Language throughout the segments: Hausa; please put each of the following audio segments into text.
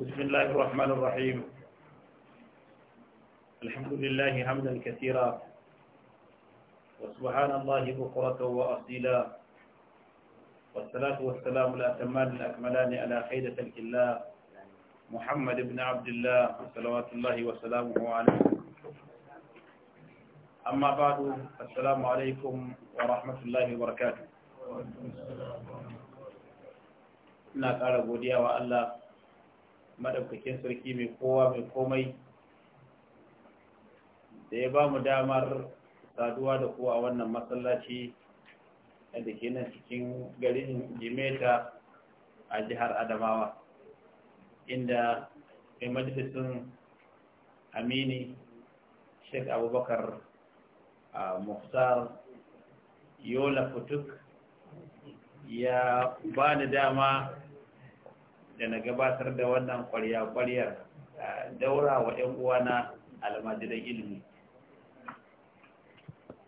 بسم الله الرحمن الرحيم الحمد لله حمدا كثيرا وسبحان الله بكرة وأصيلا والصلاة والسلام الأتمان الأكملان على خيدة الله محمد بن عبد الله صلوات الله وسلامه عليه أما بعد السلام عليكم ورحمة الله وبركاته ina ƙara godiya madaukakin sarki mai kowa mai komai da ya ba mu damar saduwa da kowa a wannan matsalaci da ke nan cikin garin jimeta a jihar adamawa inda mai majalisun amini sheik abubakar a muftar yola futuk ya ba ni dama da na gabatar da wannan kwarya-kwaryar daura wa 'yan uwana almajiran ilimi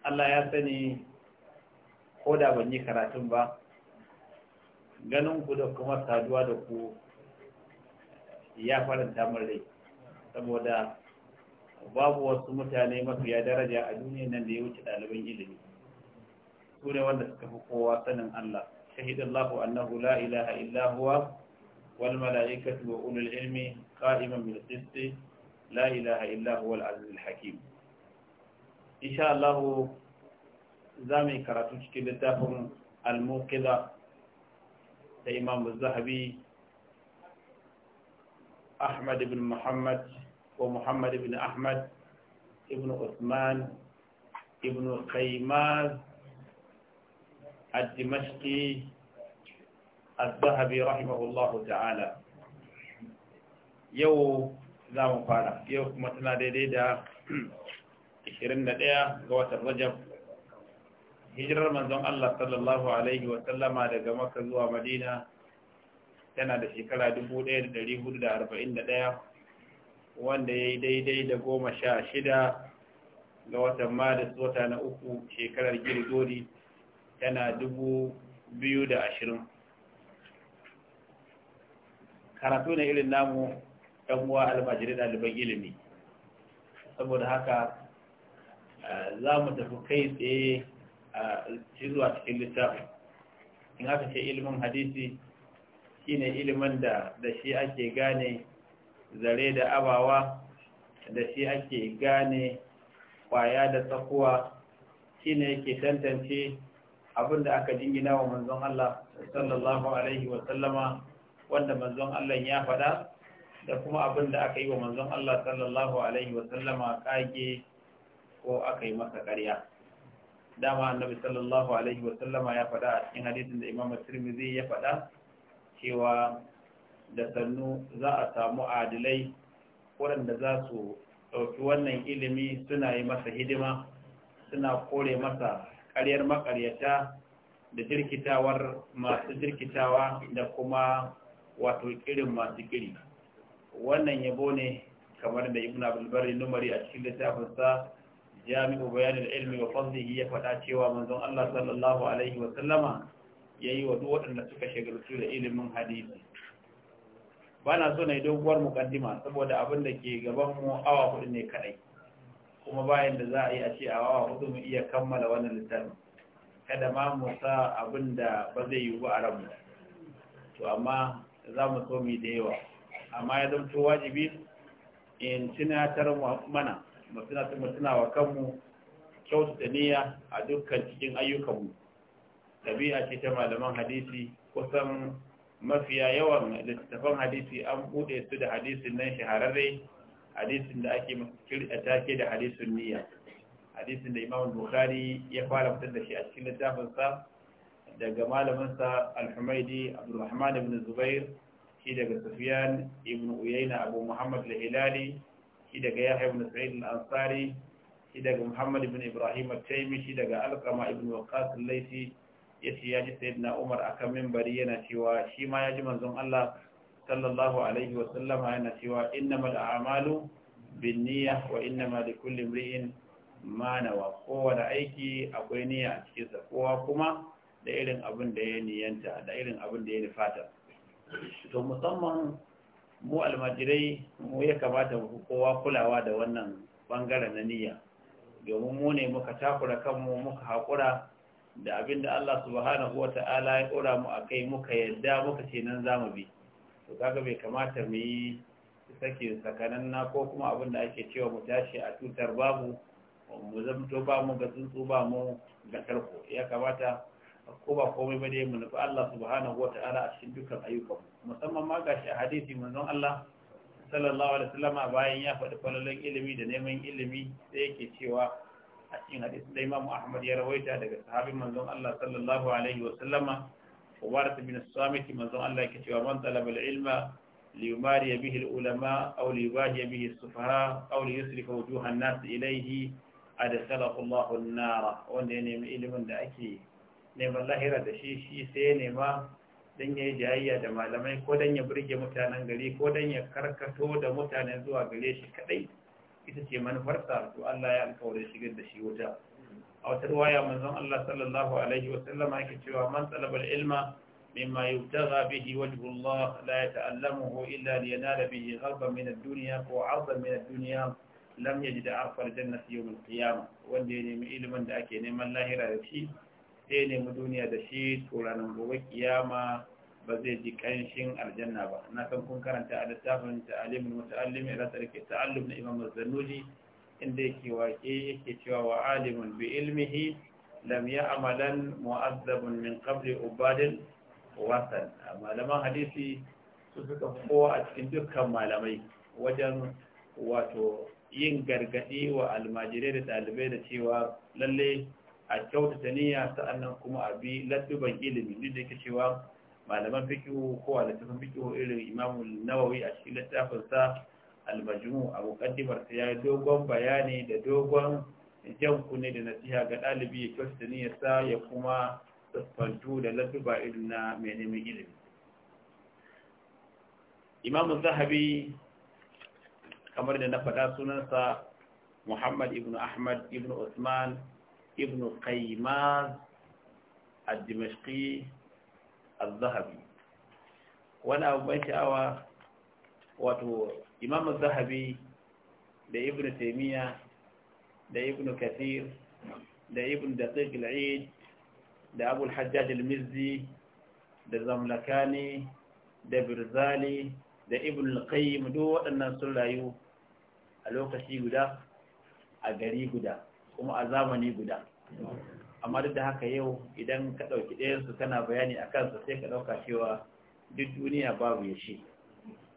Allah ya sani ko da ban yi karatun ba ganin ku da kuma saduwa da ku ya faranta rai saboda babu wasu mutane mafiya daraja a duniya nan da ya wuce ɗaliban ilimi su ne wanda suka fi kowa sanin Allah shahidallahu annahu la ilaha illa والملائكة وأولو العلم قائما بالقسط لا إله إلا هو العزيز الحكيم إن شاء الله زامي كراتوش كبتاهم الموقظة لإمام الذهبي أحمد بن محمد ومحمد بن أحمد ابن عثمان ابن قيماز الدمشقي الذهبي رحمه الله تعالى يو fara yau kuma tana daidai da 21 ga watan rajab hijirar manzon Allah sallallahu alaihi daga maka zuwa madina tana da shekara 1441 wanda ya yi daidai da goma sha shida ga watan maris wata na uku shekarar girgori tana 2020 karatu ne irin namu ɗan uwa almajirin ɗaliban ilimi saboda haka eh, za mu tafi kai tsaye a eh, zuwa cikin littafin in aka ce ilimin hadisi shine ilimin da da shi ake gane zare da abawa da shi ake gane kwaya da tsakuwa shine yake tantance abin da aka jingina wa manzon Allah sallallahu alaihi wa sallama wanda manzon Allah ya faɗa da kuma abin da aka yi wa manzon Allah sallallahu alaihi wasallama kage ko aka yi masa ƙarya dama annabi sallallahu alaihi wasallama ya faɗa a cikin hadisin da Imam Tirmidhi ya faɗa cewa da sannu za a samu adilai waɗanda za su ɗauki wannan ilimi suna yi masa hidima suna kore masa ƙaryar maƙaryata da jirkitawar masu jirkitawa da kuma wato irin masu kiri wannan yabo ne kamar da ibn abulbari numari a cikin littafin littafinsa jami'u bayanin ilmi wa fadlihi ya faɗa cewa manzon Allah sallallahu alaihi wa sallama yayi wa duk waɗanda suka shagaltu da ilimin hadisi bana so na yi doguwar mukaddima saboda abin da ke gaban mu awa hudu ne kadai kuma bayan da za a yi a ce awa hudu mu iya kammala wannan littafin kada ma mu sa abin da ba zai yiwu ba a ranmu to amma za mu so mu da yawa amma ya zama wajibi in tunatar mana mu tunatar mu tunawa kanmu kyautata niyya a dukkan cikin ayyukanmu ɗabi'a ce ta malaman hadisi kusan mafiya yawan littattafan hadisi an buɗe su da hadisin nan shahararre hadisin da ake ke da hadisin niyya hadisin da imam bukhari ya fara fitar da shi a cikin littafinsa daga malaminsa al-humaidi Abdulrahman ibn zubair shi daga sufyan ibn Uyaina abu muhammad al shi daga yahya ibn sa'id al-ansari shi daga muhammad ibn ibrahim al-taymi shi daga alqama ibn waqas al-laythi yace ya ji sayyidina umar akan minbari yana cewa shi ma ya ji manzon Allah sallallahu alaihi wa sallama yana cewa innamal a'malu binniyah wa innama likulli imri'in ma nawa kowane aiki akwai niyya a cikin sa kowa kuma da irin abin da ya niyanta da irin abin da ya nufata to musamman mu almajirai mu ya kamata mu kowa kulawa da wannan bangaren na niyya domin mu ne muka takura kanmu muka haƙura da abin da Allah subhanahu wa ta'ala ya ɗora mu a kai muka yadda muka ce nan za mu bi to kaga bai kamata mu yi sake sakanan na ko kuma abin da ake cewa mu tashi a tutar babu mu zamto ba mu ga tsuntsu ba mu ga tarko ya kamata ko ba komai ba dai mu nufi Allah subhanahu wa ta'ala a cikin dukkan ayyukan musamman ma gashi a hadisi manzon Allah sallallahu alaihi wasallam bayan ya faɗi falalan ilimi da neman ilimi sai yake cewa a cikin hadisi da Imam Ahmad ya rawaita daga sahabin manzon Allah sallallahu alaihi wasallam Ubarat bin Samit manzon Allah yake cewa man talaba ilma liyumari bihi ulama aw liyubahi bihi sufaha aw liyusrifa wujuha nas ilayhi Allahu an-nara wanda ya nemi ilimin da ake neman lahira da shi shi sai ya nema don ya yi jayayya da malamai ko don ya burge mutanen gari ko don ya karkato da mutanen zuwa gare shi kadai ita ce manufarsa to Allah ya alkawarin shigar da shi wuta a wata ruwaya manzon Allah sallallahu alaihi wa sallama yake cewa man talabal ilma mimma yubtagha bihi wajhu Allah la yata'allamuhu illa liyanala bihi gharban min ad-dunya wa 'ardan min ad-dunya lam yajid 'arfa al-jannati yawm al-qiyamah wanda ya nemi ilimin da ake neman lahira da shi sai ne mu duniya da shi tsoranin gobe kiyama ba zai ji kanshin aljanna ba na san kun karanta a littafin ta'alimin muta'allimi ila ke ta'allum na imam zannuji inda yake waƙe yake cewa wa alimun bi ilmihi lam ya'malan mu'azzabun min qabli ubadin wasan malaman hadisi su suka kowa a cikin dukkan malamai wajen wato yin gargadi wa almajirai da ɗalibai da cewa lallai. a kyautata niyya sa'annan kuma a bi ladduban ilimi ne da yake cewa malaman fikihu ko a littafin fikihu irin imamu nawawi a cikin littafinsa almajmu a mukaddimar sa ya dogon bayani da dogon jan kunne da nasiha ga ɗalibi ya kyautata sa ya kuma tsaffantu da ladduba irin na mai neman ilimi imamu zahabi kamar da na faɗa sunansa muhammad ibn ahmad ibn usman ابن قيماز الدمشقي الذهبي وانا ابن شعوى واتو امام الذهبي da ibn taimiyya da ibn kathir da ibn daqiq al da abu al-hajjaj al-mizzi da da birzali da ibn al-qayyim duk waɗannan sun rayu a lokaci guda a gari guda kuma a zamani guda amma duk da haka yau idan ka ɗauki ɗayansu kana bayani a kansa sai ka ɗauka cewa duk duniya babu ya shi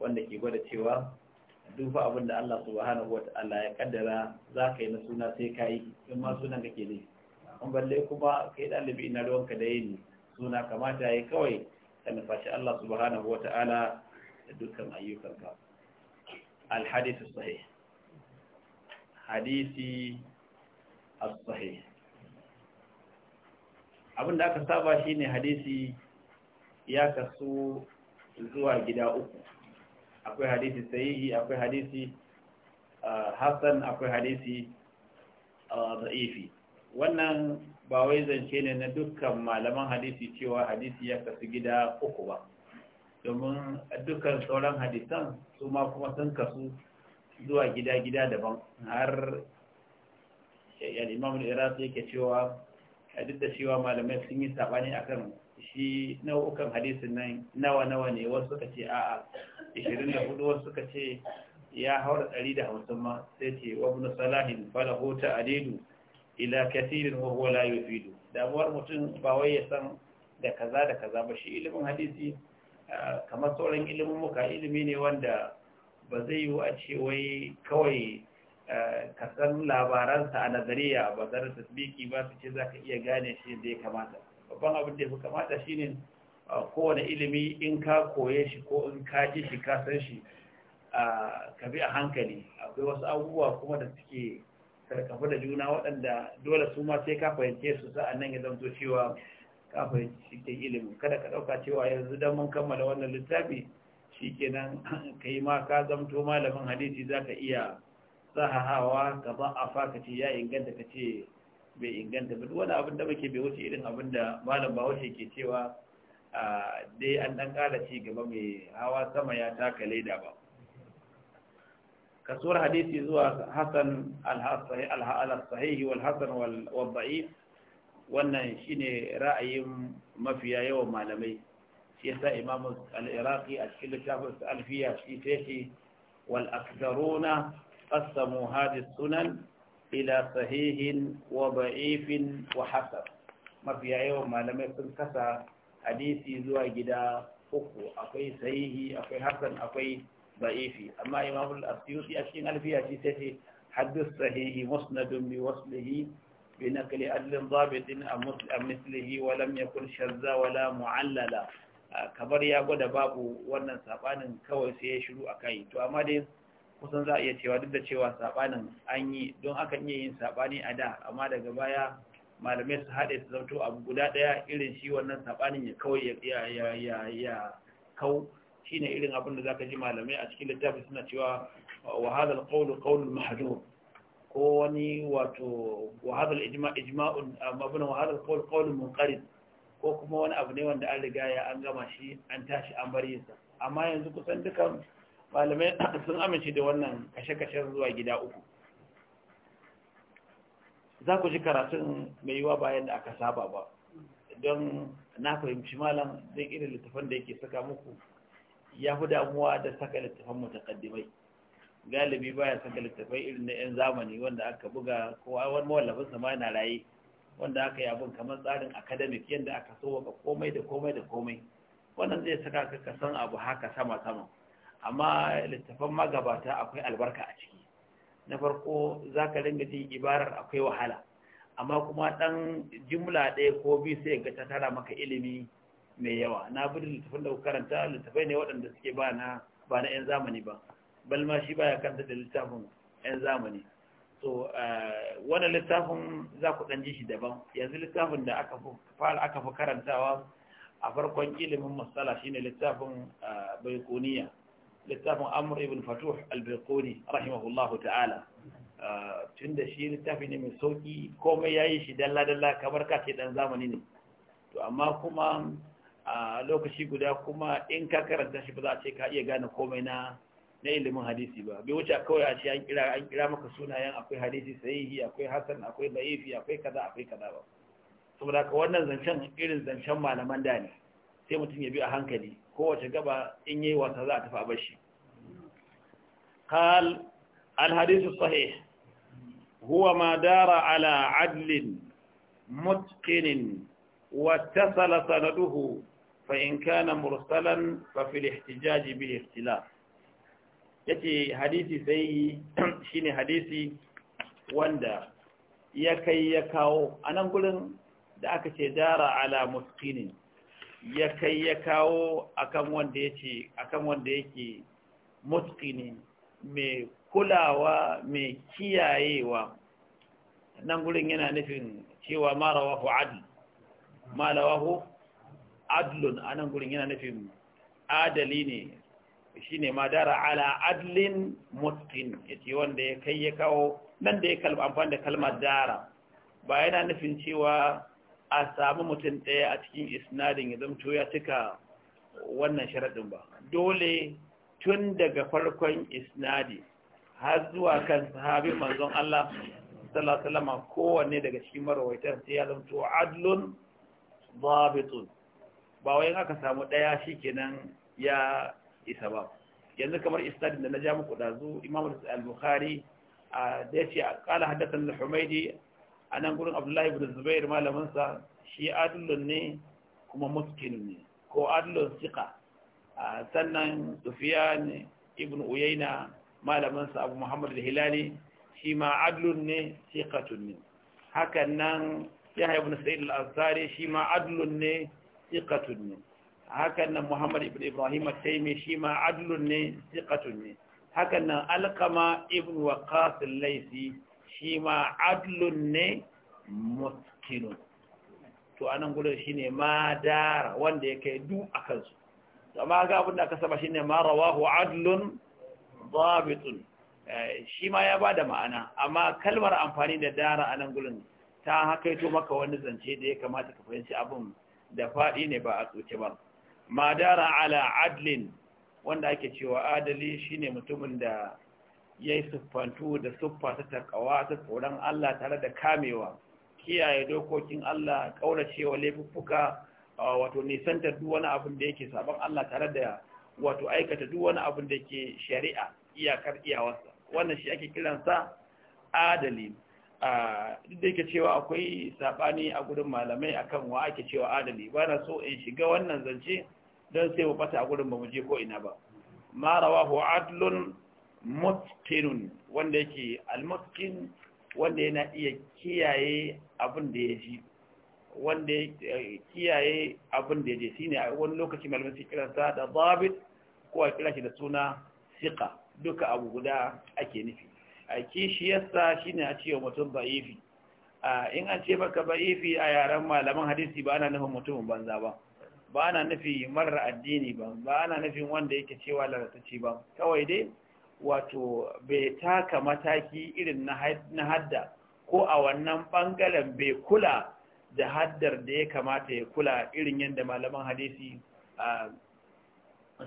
wanda ke gwada cewa dufa abin da Allah wahana wata Allah ya kaddara za ka yi na suna sai ka yi in ma sunan ke ne in balle kuma ka yi ɗalibi ina ruwanka da yini suna kamata ya kawai ka nufashi Allah wahana wata ta'ala da dukkan ayyukanka alhadisu sahih hadisi as abin da aka saba shine hadisi ya kasu zuwa gida uku akwai hadisi sahihi akwai hadisi hasan akwai hadisi da'ifi wannan ba wai zance ne na dukkan malaman hadisi cewa hadisi ya kasu gida uku ba domin dukkan sauran hadisan su ma kuma sun kasu zuwa gida-gida daban har yani imam al yake cewa duk da cewa malamai sun yi sabani akan shi nau'ukan hadisin nan nawa nawa ne wasu suka ce a'a 24 wasu suka ce ya haura hamsin ma sai ce wa ibn salahin falahu adidu ila kathirin wa huwa la yufidu damuwar mutum ba wai ya san da kaza da kaza ba shi ilimin hadisi kamar sauran ilimin muka ilimi ne wanda ba zai yi a ce wai kawai Eh, ka san labaransa a nazariya ba zara tasbiki ba su ce za ka iya gane shi da ya kamata babban abin da ya fi kamata shine eh, kowane ilimi in ka koye shi ko in ka ji shi ka san shi eh, ka bi a hankali akwai wasu abubuwa kuma da suke sarkafu da juna waɗanda dole su ma sai ka fahimce su nan ya zanto cewa ka fahimci ke ilimi kada ka ɗauka cewa yanzu don mun kammala wannan littafi shi kenan ka yi ma ka zamto malamin hadisi za ka iya sahahawa ka a ka ce ya inganta ka ce bai inganta ba wani abin da muke bai wuce irin abin da malam ba wuce ke cewa ah, dai an dan kara ci gaba mai hawa sama ya taka leda ba kasuwar hadisi zuwa hasan al-sahihi wal hasan wal da'if wannan shine ra'ayin mafiya yawan malamai shi yasa imamu al-iraqi a cikin littafin alfiya shi sai wal aktharuna قسموا هذه sunan ila صحيح وضعيف وحسن Mafi في يوم ما لم يكن كسا حديثي زوا uku akwai sahihi akwai hasan akwai da'ifi amma imam al-asyuti a cikin alfiya shi sai ce haddus sahihi musnadun bi waslihi bi naqli adlin dhabitin am mislihi wa lam yakun wala mu'allala Kamar ya gwada babu wannan saɓanin kawai sai ya shiru akai to amma dai kusan za a iya cewa duk da cewa saɓanin an yi don aka iya yin saɓani a da amma daga baya malamai su haɗe su zauto abu guda ɗaya irin shi wannan saɓanin ya kawai ya kau shi ne irin abin da za ka ji malamai a cikin littafi suna cewa wahadar ƙaunar ƙaunu mahajur ko wani wato wahadar ijma'un abin wahadar ƙaunar ƙaunar munkarin ko kuma wani abu ne wanda an riga ya an gama shi an tashi an bar yinsa amma yanzu kusan dukan malamai sun amince da wannan kashe-kashen zuwa gida uku za ku ji karatun mai yiwa bayan da aka saba ba don na fahimci malam zai irin littafan da yake saka muku ya fi damuwa da saka littafan mutakaddimai galibi baya saka littafai irin na 'yan zamani wanda aka buga ko wani mawallafin sama yana raye wanda aka yi abin kamar tsarin academic yadda aka so komai da komai da komai wannan zai saka ka san abu haka sama-sama amma littafan magabata akwai albarka a ciki na farko za ka dinga jin ibarar akwai wahala amma kuma ɗan jimla ɗaya ko biyu sai ga ta tara maka ilimi mai yawa na bi littafin da ku karanta littafai ne waɗanda suke ba na ba na 'yan zamani ba balma shi baya karanta da littafin 'yan zamani so eh, wannan littafin za ku ɗan ji shi daban yanzu littafin da aka fi karantawa a farkon ilimin matsala shine littafin eh, baikoniya littafin amur ibn fatuh al rahimahullahu ta'ala tun da shi littafi ne mai sauki komai ya yi shi dalla-dalla kamar ka ɗan dan zamani ne to amma kuma a lokaci guda kuma in ka karanta shi ba za a ce ka iya gane komai na na ilimin hadisi ba bai wuce kawai a ce an kira an kira maka sunayen akwai hadisi sahihi akwai hasan akwai laifi akwai kaza akwai kaza ba saboda ka wannan zancen irin zancen malaman da ne sai mutum ya bi a hankali kowace gaba in yi wata za a tafa bashi kal alhadisu sahih huwa ma dara ala adlin mutqinin wattasala sanaduhu fa in na mursalan fa fil ihtijaj bil ikhtilaf yace hadisi sai shine hadisi wanda ya kai ya kawo anan gurin da aka ce dara ala mutqinin ya kai ya kawo akan wanda yake akan wanda yake mutqini mai kulawa mai kiyayewa nan gurin yana nufin cewa ma rawahu adl ma rawahu adlun anan gurin yana nufin adali ne shine ma dara ala adlin mutqin yace wanda ya kai ya kawo nan da ya kalma amfani da kalmar dara ba yana nufin cewa a samu mutum ɗaya a cikin isnadin ya zamto ya cika wannan sharaɗin ba dole tun daga farkon isnadi har zuwa kan sahabi manzon Allah sallallahu kowanne daga cikin marawaitar sai ya zamto adlun babitun ba wai aka samu ɗaya shi kenan ya isa ba yanzu kamar isnadin da na ja muku dazu imamu Al-Bukhari dace a qala haddathan al-Humaydi a nan gurin abdullahi ibn zubair malaminsa shi adulun ne kuma muskin ne ko adulun siqa sannan sufyan ibn Uyaina malaminsa abu muhammad al-hilali shi ma adlun ne siqatun ne hakan nan yahya ibn sa'id al-ansari shi ma adlun ne siqatun ne hakan nan muhammad ibn ibrahim at-taymi shi ma adlun ne siqatun ne hakan nan alqama ibn waqas al-laysi shi ma adlun ne mutkinun to anan gudun shi ne madara wanda ya kai du a kansu amma ga abin da aka saba shi ne marawahu adlun babitun eh, shi ma ya ba da ma'ana amma kalmar amfani da dara anan gudun ta hakaito maka wani zance da ya kamata ka fahimci abin da faɗi ne ba a tsoce ba madara ala adlin wanda ake cewa adali shine mutumin da ya yi siffantu da siffa ta takawa ta tsoron Allah tare da kamewa kiyaye dokokin Allah kauracewa laifuffuka wato nisanta duk wani abin da yake sabon Allah tare da wato aikata duk wani abin da ke shari'a iyakar iyawarsa wannan shi ake kiransa adali duk da yake cewa akwai saɓani a gurin malamai akan wa ake cewa adali ba na so in shiga wannan zance don sai mu bata a gurin ba mu je ko ina ba ma rawahu adlun mutkinun wanda yake almutkin wanda yana iya kiyaye abin da ya ji wanda ya eh, kiyaye abin da ya ji shine wani lokaci malamin su kira sa da babit ko a kira shi da suna siqa duka abu guda ake nufi a kishiyarsa shine a cewa mutum ba'ifi. in an ce maka ba'ifi a yaren malaman hadisi ba ana nufin mutum banza ba ba ana nufi marar addini ba ba ana nufin wanda yake cewa lalatacci ba kawai dai wato bai taka mataki irin na hadda ko a wannan bangaren bai kula da haddar da ya kamata ya kula irin yadda malaman hadisi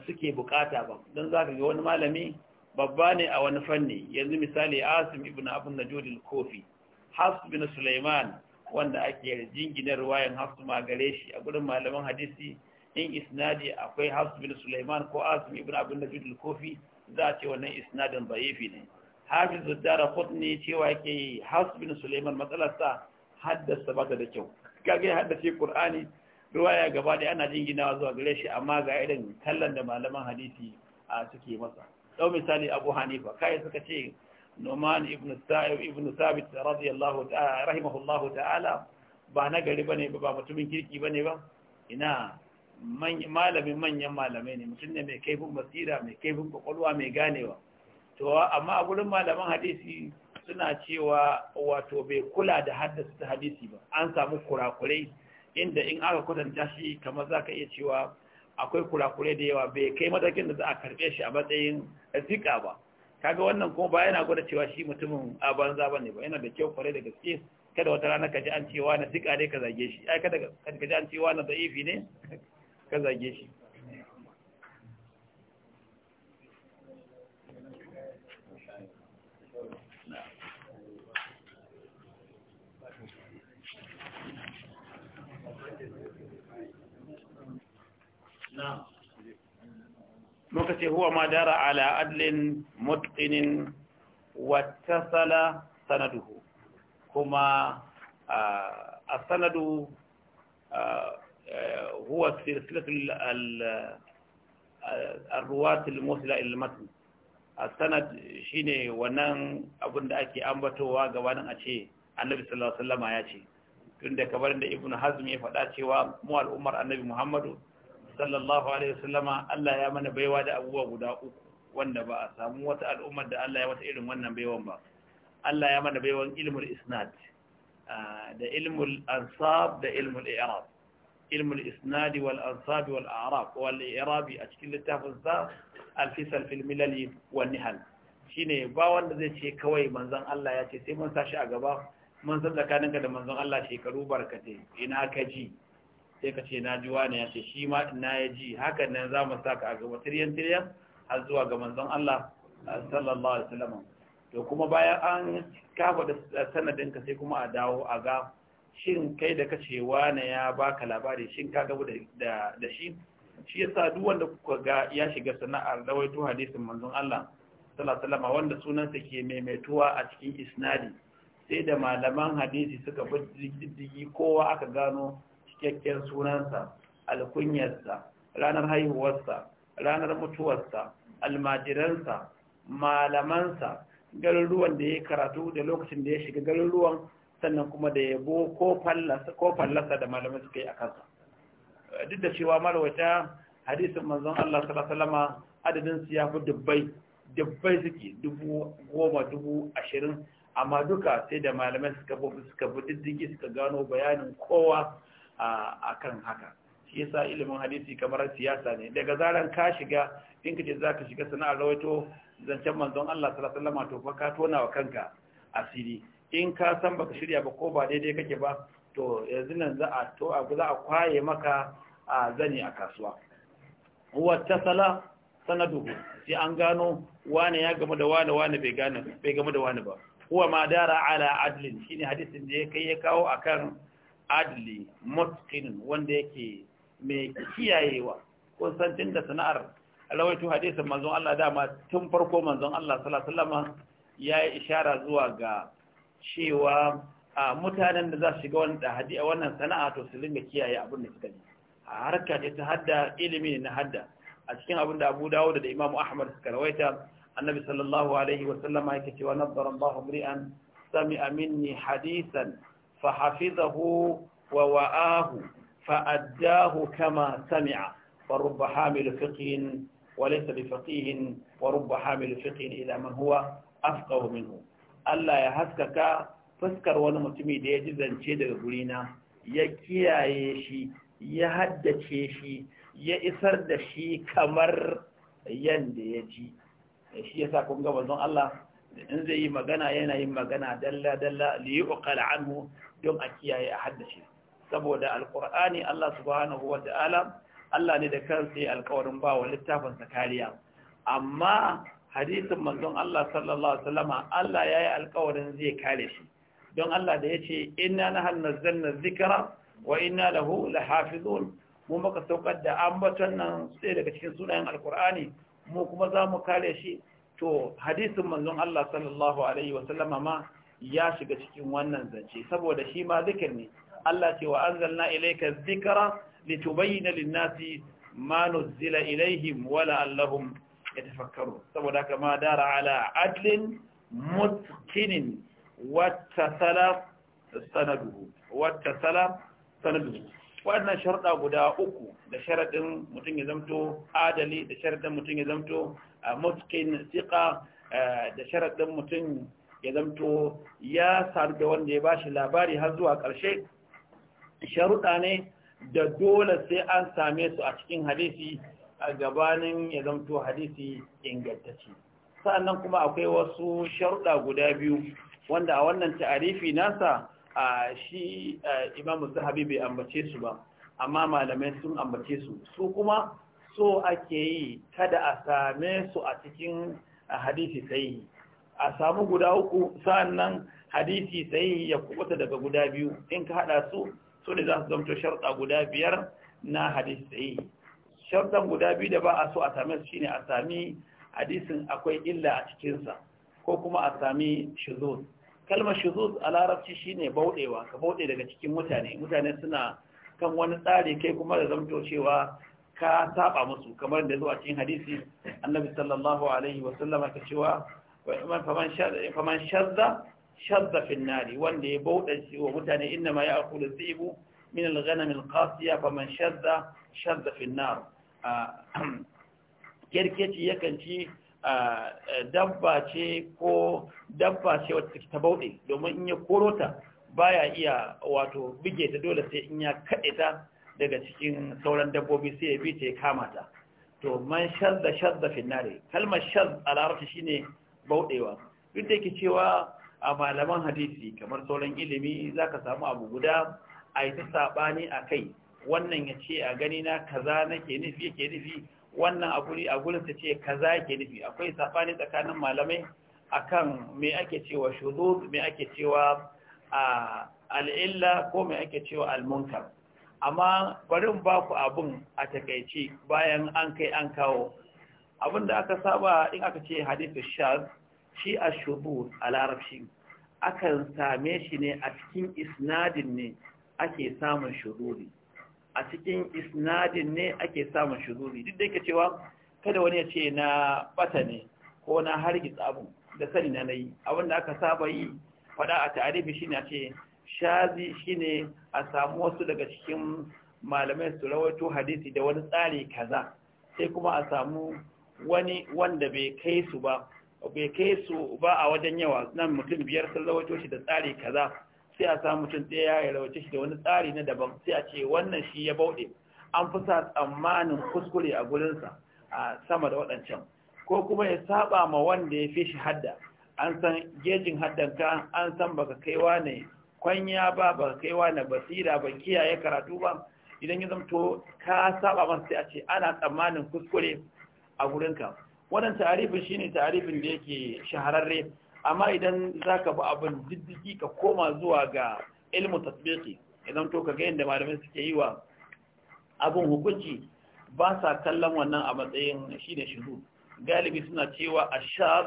suke bukata ba don za ka ga wani malami babba ne a wani fanni yanzu misali asim ibn abun jodin kofi hafsu bin suleiman wanda ake jingina ruwayan hafsu ma gare shi a gudun malaman hadisi in isnadi akwai hafsu bin suleiman ko asim ibn abun jodin kofi za a ce wannan isnadin da'ifi ne hafizu dara ne cewa ke hasbin bin suleiman matsalarsa haddasa ba da kyau haddasa haddace Ruwa ya gaba da ana ginawa zuwa gare shi amma ga irin kallon da malaman hadisi a suke masa Ɗau misali abu hanifa kai suka ce noman ibn sa'ib ibn sabit radiyallahu ta'ala rahimahullahu ta'ala ba na gari bane ba ba mutumin kirki bane ba ina malamin manyan malamai ne mutum ne mai kaifin basira mai kaifin kwakwalwa mai ganewa to amma a gurin malaman hadisi suna cewa wato bai kula da haddasa hadisi ba an samu kurakurai inda in aka kwatanta shi kamar za ka iya cewa akwai kurakurai da yawa bai kai matakin da za a karɓe shi a matsayin zika ba kaga wannan kuma ba yana gwada cewa shi mutumin a banza ba ne ba yana da kyau kwarai da gaske kada wata rana ka ji an cewa na zika ne ka zage shi ai kada ka ji an cewa na da'ifi ne كذا جيش نعم مكتي هو ما دار على عدل متقن واتصل سنده كما السند هو سلسلة الرواة الموصلة إلى المتن السند شيني ونن أبن أكي أنبتوا غوانا أشي النبي صلى الله عليه وسلم يأتي tunda kamar da Ibnu Hazm ya faɗa cewa mu al'ummar Annabi Muhammadu sallallahu alaihi wasallama Allah ya mana baiwa da abubuwa guda uku wanda ba a samu wata al'ummar da Allah ya mata irin wannan baiwan ba Allah ya mana baiwan ilmul isnad da ilmul ansab da ilmul i'rab علم الإسناد والأنصاب والأعراب والإعرابي أشكل التافزة الفصل في الملل والنهل shine ba wanda zai ce kawai manzon Allah ya ce sai mun sashi a gaba mun san tsakaninka da manzon Allah shekaru barkate ina ka ji sai ka ce na ji wani ya ce shi ma ina ya ji haka nan za mu saka a gaba tiryan tiryan har zuwa ga manzon Allah sallallahu alaihi wasallam to kuma bayan an kafa da sanadinka sai kuma a dawo a ga shin kai da kace wane ya baka labari shin ka gabu da shi shi yasa duk wanda kuka ga ya shiga sana'ar rawaito hadisin manzon Allah sallallahu alaihi wanda sunansa ke maimaituwa a cikin isnadi sai da malaman hadisi suka bi kowa aka gano cikakken sunansa alkunyarsa ranar haihuwarsa ranar mutuwarsa almajiransa malamansa garuruwan da ya karatu da lokacin da ya shiga garuruwan sannan kuma da yabo ko fallasa da malamai suka yi a kansa duk da cewa marwata hadisin manzon Allah sallallahu alaihi adadin su ya fi dubbai dubbai suke dubu goma dubu ashirin amma duka sai da malamai suka suka bi diddigi suka gano bayanin kowa a kan haka shi yasa ilimin hadisi kamar siyasa ne daga zaran ka shiga in ka ce za ka shiga sana'ar rawaito zancen manzon Allah sallallahu alaihi to fa ka tona wa kanka asiri in ka san baka shirya ba ko ba daidai kake ba to yanzu nan za a to za a kwaye maka a zani a kasuwa wata sala sanadu sai an gano wane ya gama da wane wane bai gane bai gama da wane ba huwa ma dara ala adlin shine hadisin da ya ya kawo akan adli mutqin wanda yake mai kiyayewa ko san tun da sana'ar alawaitu hadisin manzon Allah dama tun farko manzon Allah sallallahu alaihi wasallam ya yi ishara zuwa ga cewa a mutanen da za su shiga wannan sana'a to su linga kiyaye abin da suka yi a harka ce ta hadda ilimi na hadda a cikin abin da Abu Dawud da Imam Ahmad suka rawaita annabi sallallahu alaihi wa sallama yake cewa nadara Allahu bri'an sami'a minni hadisan fa hafizahu wa wa'ahu fa addahu kama sami'a fa rubba hamil fiqhin wa laysa bi faqihin wa rubba hamil fiqhin ila man huwa afqahu minhu Allah ya haskaka fuskar wani mutumi da ya ji zance daga gurina ya kiyaye shi ya haddace shi ya isar da shi kamar yanda ya ji shi sa kun ga manzon Allah in zai yi magana yana yin magana dalla dalla li yuqal anhu don a kiyaye a haddace saboda alqur'ani Allah subhanahu wa ta'ala Allah ne da kansa ya alƙawarin ba wa littafin sa kariya amma hadisin manzon Allah sallallahu alaihi wasallama Allah yi alƙawarin zai kare shi don Allah da ya yace inna nahnu nazzalna zikara, wa inna lahu lahafizun mu muka saukar da ambaton nan sai daga cikin sunayen alkur'ani mu kuma za mu kare shi to hadisin manzon Allah sallallahu alaihi wasallama ma ya shiga cikin wannan zance saboda shi ma zikir ne Allah ce wa anzalna ilaika zikara litubayyana lin-nasi ma nuzila ilaihim wala allahum. yatafakkaru saboda haka ma dara ala adlin mutqinin wattasala sanaduhu wattasala sanaduhu waɗannan sharuɗa guda uku da sharaɗin mutum ya zamto adali da sharaɗin mutum ya zamto ah, mutqin siqa ah, da sharaɗin mutum ya zamto ya sadu da wanda ya bashi labari har zuwa ƙarshe sharuɗa ne da dole sai an same su a cikin hadisi a gabanin ya zamto hadisi ingantacce sa'annan kuma akwai wasu sharuɗa guda biyu wanda a wannan ta'arifi nasa a shi imamu zahabi bai ambace su ba amma malamai sun ambace su su kuma so ake yi kada a same su a cikin hadisi sahihi a samu guda uku sa'annan hadisi sahihi ya kubuta daga guda biyu in ka hada su so ne za su zamto sharuɗa guda biyar na hadisi sahihi sharɗan guda biyu da ba a so a same su shine a sami hadisin akwai illa a cikinsa ko kuma a sami shuzuz kalmar shuzuz a larabci shine bauɗewa ka bauɗe daga cikin mutane mutane suna kan wani tsari kai kuma da zamto cewa ka saba musu kamar da zuwa cikin hadisi annabi sallallahu alaihi wa sallama ka cewa faman shazza, shazza fi nari wanda ya bauɗe shi wa mutane inna ma ya'kulu zibu min al-ghanam al faman shadda shazza, fi nar kyarkeci yakan ci dabba ce ko dabba ce wata ta bauɗe domin in ya koro ta baya iya wato bige ta dole sai in ya kaɗe ta daga cikin sauran dabbobi sai ya bi ta ya kama ta to man shadda shadda finnare kalmar shad a larabci shine bauɗewa duk da yake cewa a malaman hadisi kamar sauran ilimi zaka samu abu guda a yi ta saɓani a kai wannan ya ce a gani na kaza nake nufi yake nufi wannan a guri a gurin ta ce kaza yake nufi akwai safani tsakanin malamai akan me ake cewa shudud me ake cewa al'illa ko me ake cewa al-munkar amma bari ba ku abun a takaici bayan an kai an kawo abin da aka saba in aka ce hadithu shaz shi a shudud a larabci akan same shi ne a cikin isnadin ne ake samun shududi a cikin isnadin ne ake samun shuduri duk da yake cewa kada wani ya ce na bata ne ko na hargitsa abu da sani na nayi abin da aka saba yi fada a tarihi shine a ce shazi shine a samu wasu daga cikin malamai su rawaito hadisi da wani tsari kaza sai kuma a samu wani wanda bai kai su ba bai kai su ba a wajen yawa nan mutum biyar sun rawaito shi da tsari kaza sai a samu mutum ɗaya ya rawace shi da wani tsari na daban sai a ce wannan shi ya bauɗe an fi sa tsammanin kuskure a gurinsa a sama da waɗancan ko kuma ya saba ma wanda ya fi shi hadda an san gejin haddan ka an san baka kaiwa ne kwanya ba baka kaiwa na basira ba kiyaye karatu ba idan ya zamto ka saba masa sai a ce ana tsammanin kuskure a gurinka wannan tarifin shine tarifin da yake shahararre amma idan za ka bi abin diddiki ka koma zuwa ga ilmu tasbiki idan to ka ga yadda malamai suke yi wa abin hukunci ba sa kallon wannan a matsayin shi ne shiru galibi suna cewa a shaf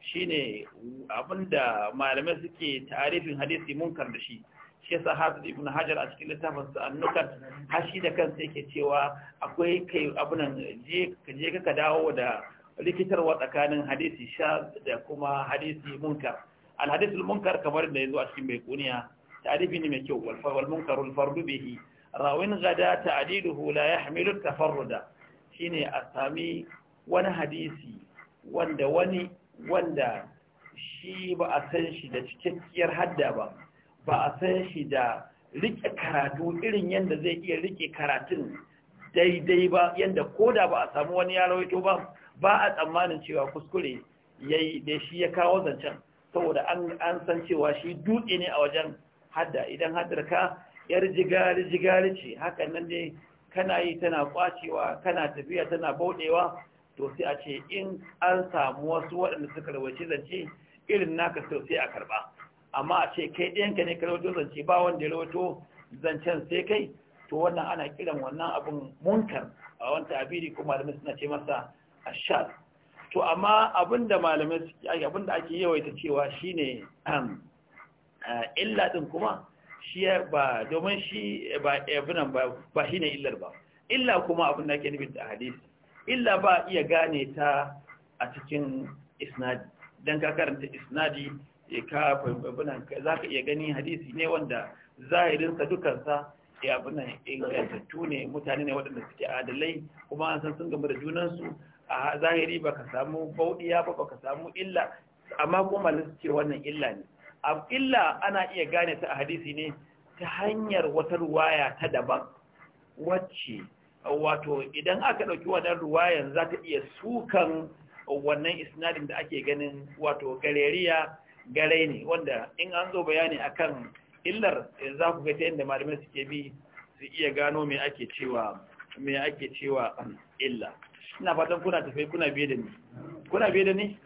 shi ne abinda malamai suke tarifin hadisi munkar da shi shi yasa hafiz ibn hajar a cikin littafin an nukar hashi da kansa yake cewa akwai kai abinan je ka dawo da rikitarwa tsakanin hadisi sha da kuma hadisi munkar alhadisul munkar kamar da yanzu a cikin mai kuniya ta'rifi ne mai kyau wal munkarul fardu bihi rawin gada ta'diluhu la yahmilu tafarruda shine a sami wani hadisi wanda wani wanda shi ba a san shi da cikakkiyar hadda ba ba a san shi da rike karatu irin yadda zai iya rike karatun daidai ba yadda koda ba a samu wani ya rawaito ba ba a tsammanin cewa kuskure yayi da shi ya kawo zancen saboda an san cewa shi dutse ne a wajen hadda idan haddarka ka yar jigari jigari ce hakan nan ne kana yi tana kwacewa kana tafiya tana bauɗewa to sai a ce in an samu wasu waɗanda suka rawaci zance irin naka sau sai a karɓa amma a ce kai ɗayanka ne ka rawato zance ba wanda ya rawato zancen sai kai to wannan ana kiran wannan abin munkar a wani abiri kuma da suna ce masa ashar to amma abinda malamai abinda ake yawaita cewa shine eh, illa din kuma shi ba domin shi ba eh, abinan ba shine illar ba illa kuma abin da ake nufin da hadisi illa ba iya gane ta a cikin isnadi dan ka karanta isnadi eh, ka abinan za ka iya gani hadisi ne wanda zahirinsa dukansa ya abinan ingantattu ne mutane ne waɗanda suke adalai kuma an san sun gama da junansu a zahiri baka samu bauɗiya ba baka samu illa amma kuma su ce wannan illa ne a illa ana iya gane ta a hadisi ne ta hanyar wata ruwaya ta daban wacce wato idan aka ɗauki wannan ruwayan za ta iya sukan wannan isnadin da ake ganin wato galeriya garai ne wanda in an zo bayani akan illar za ku ga ta yadda malamai suke bi su iya gano me ake cewa me ake cewa illa ina fatan kuna tafe kuna biye da ni kuna biye da ni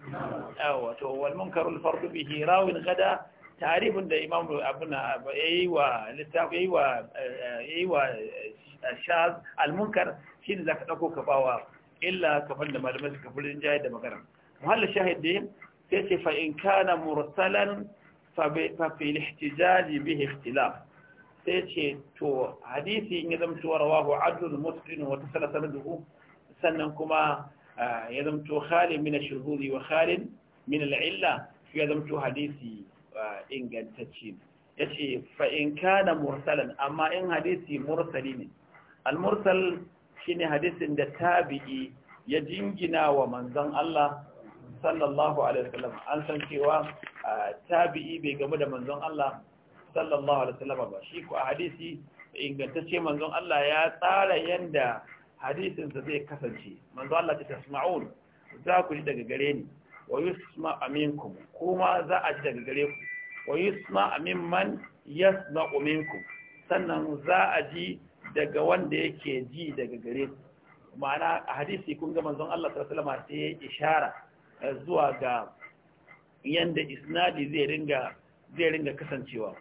yawa to wal munkarul fardu bihi rawin gada tarifin da imam abuna yayi wa littafi yayi wa yayi wa eh, shaz al munkar shine zaka dauko ka bawa illa kaman da malamai suka furin jayi da magana muhallin shahidi sai ce fa in kana mursalan fa fi ihtijaj bihi ikhtilaf sai ce to hadisi in ya zama cewa rawahu adlun muslim wa tasala sanaduhu sannan kuma ya zamto halin mina shuhuri wa halin min al'illa shi ya zamto hadisi ya ce fa'in kana amma in hadisi mursali ne al-mursal shi ne hadisin da tabi'i ya jingina wa manzan Allah sallallahu alaihi wasallam an san cewa tabi'i bai gamu da manzon Allah sallallahu alaihi wasallam ba shi ko a hadisi ingantacce manzon Allah ya tsara yanda hadisin sa zai kasance manzo Allah ta tasma'un za ku ji daga gare ni wa yusma aminkum kuma za a ji daga gare ku wa yusma man yasma'u aminkum sannan za a ji daga wanda yake ji daga gare ku ma'ana a hadisi kun ga manzon Allah sallallahu alaihi wasallam sai ya ishara zuwa ga yanda isnadi zai ringa zai ringa kasancewa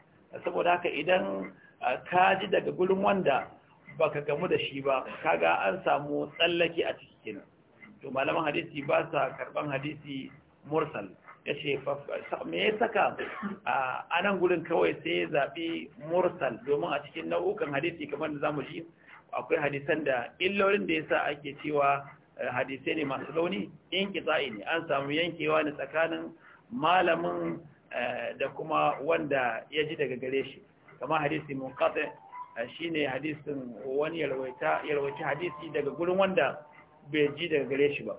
saboda haka idan ka ji daga gurin wanda baka gamu da shi ba kaga an samu tsallake a cikin. kenan to malaman hadisi ba sa karban hadisi mursal ya ce me ya saka a nan gudun kawai sai ya zaɓi mursal domin a cikin nau'ukan hadisi kamar da zamu ji akwai hadisan da illolin da ya sa ake cewa eh, hadisai ne masu launi in kitsa'i ne an samu yankewa ne tsakanin malamin eh, da kuma wanda ya ji daga gare shi kamar hadisi mun ne hadisin wani yalwaci hadisi daga gurin wanda bai ji daga gare shi ba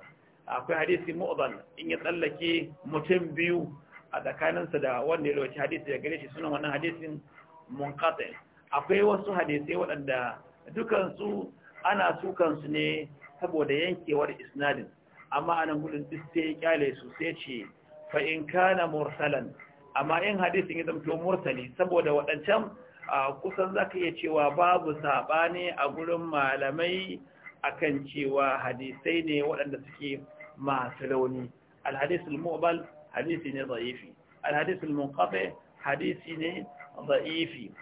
akwai hadisi mu'azal in ya tsallake mutum biyu a tsakaninsa da wanda yalwaci hadisi daga gare shi sunan wannan hadisin munkatsa akwai wasu hadisai waɗanda dukansu ana sukansu ne saboda yankewar isnadin amma anan gudun iske ya kyale su sai ce fa'in kana mursalan amma in hadisin ya zamto mursali saboda waɗancan a kusan zaka iya cewa babu saɓani a gurin malamai akan cewa hadisai ne waɗanda suke masu rauni alhadisul mubal hadisi ne zaifi alhadisul munqati hadisi ne zaifi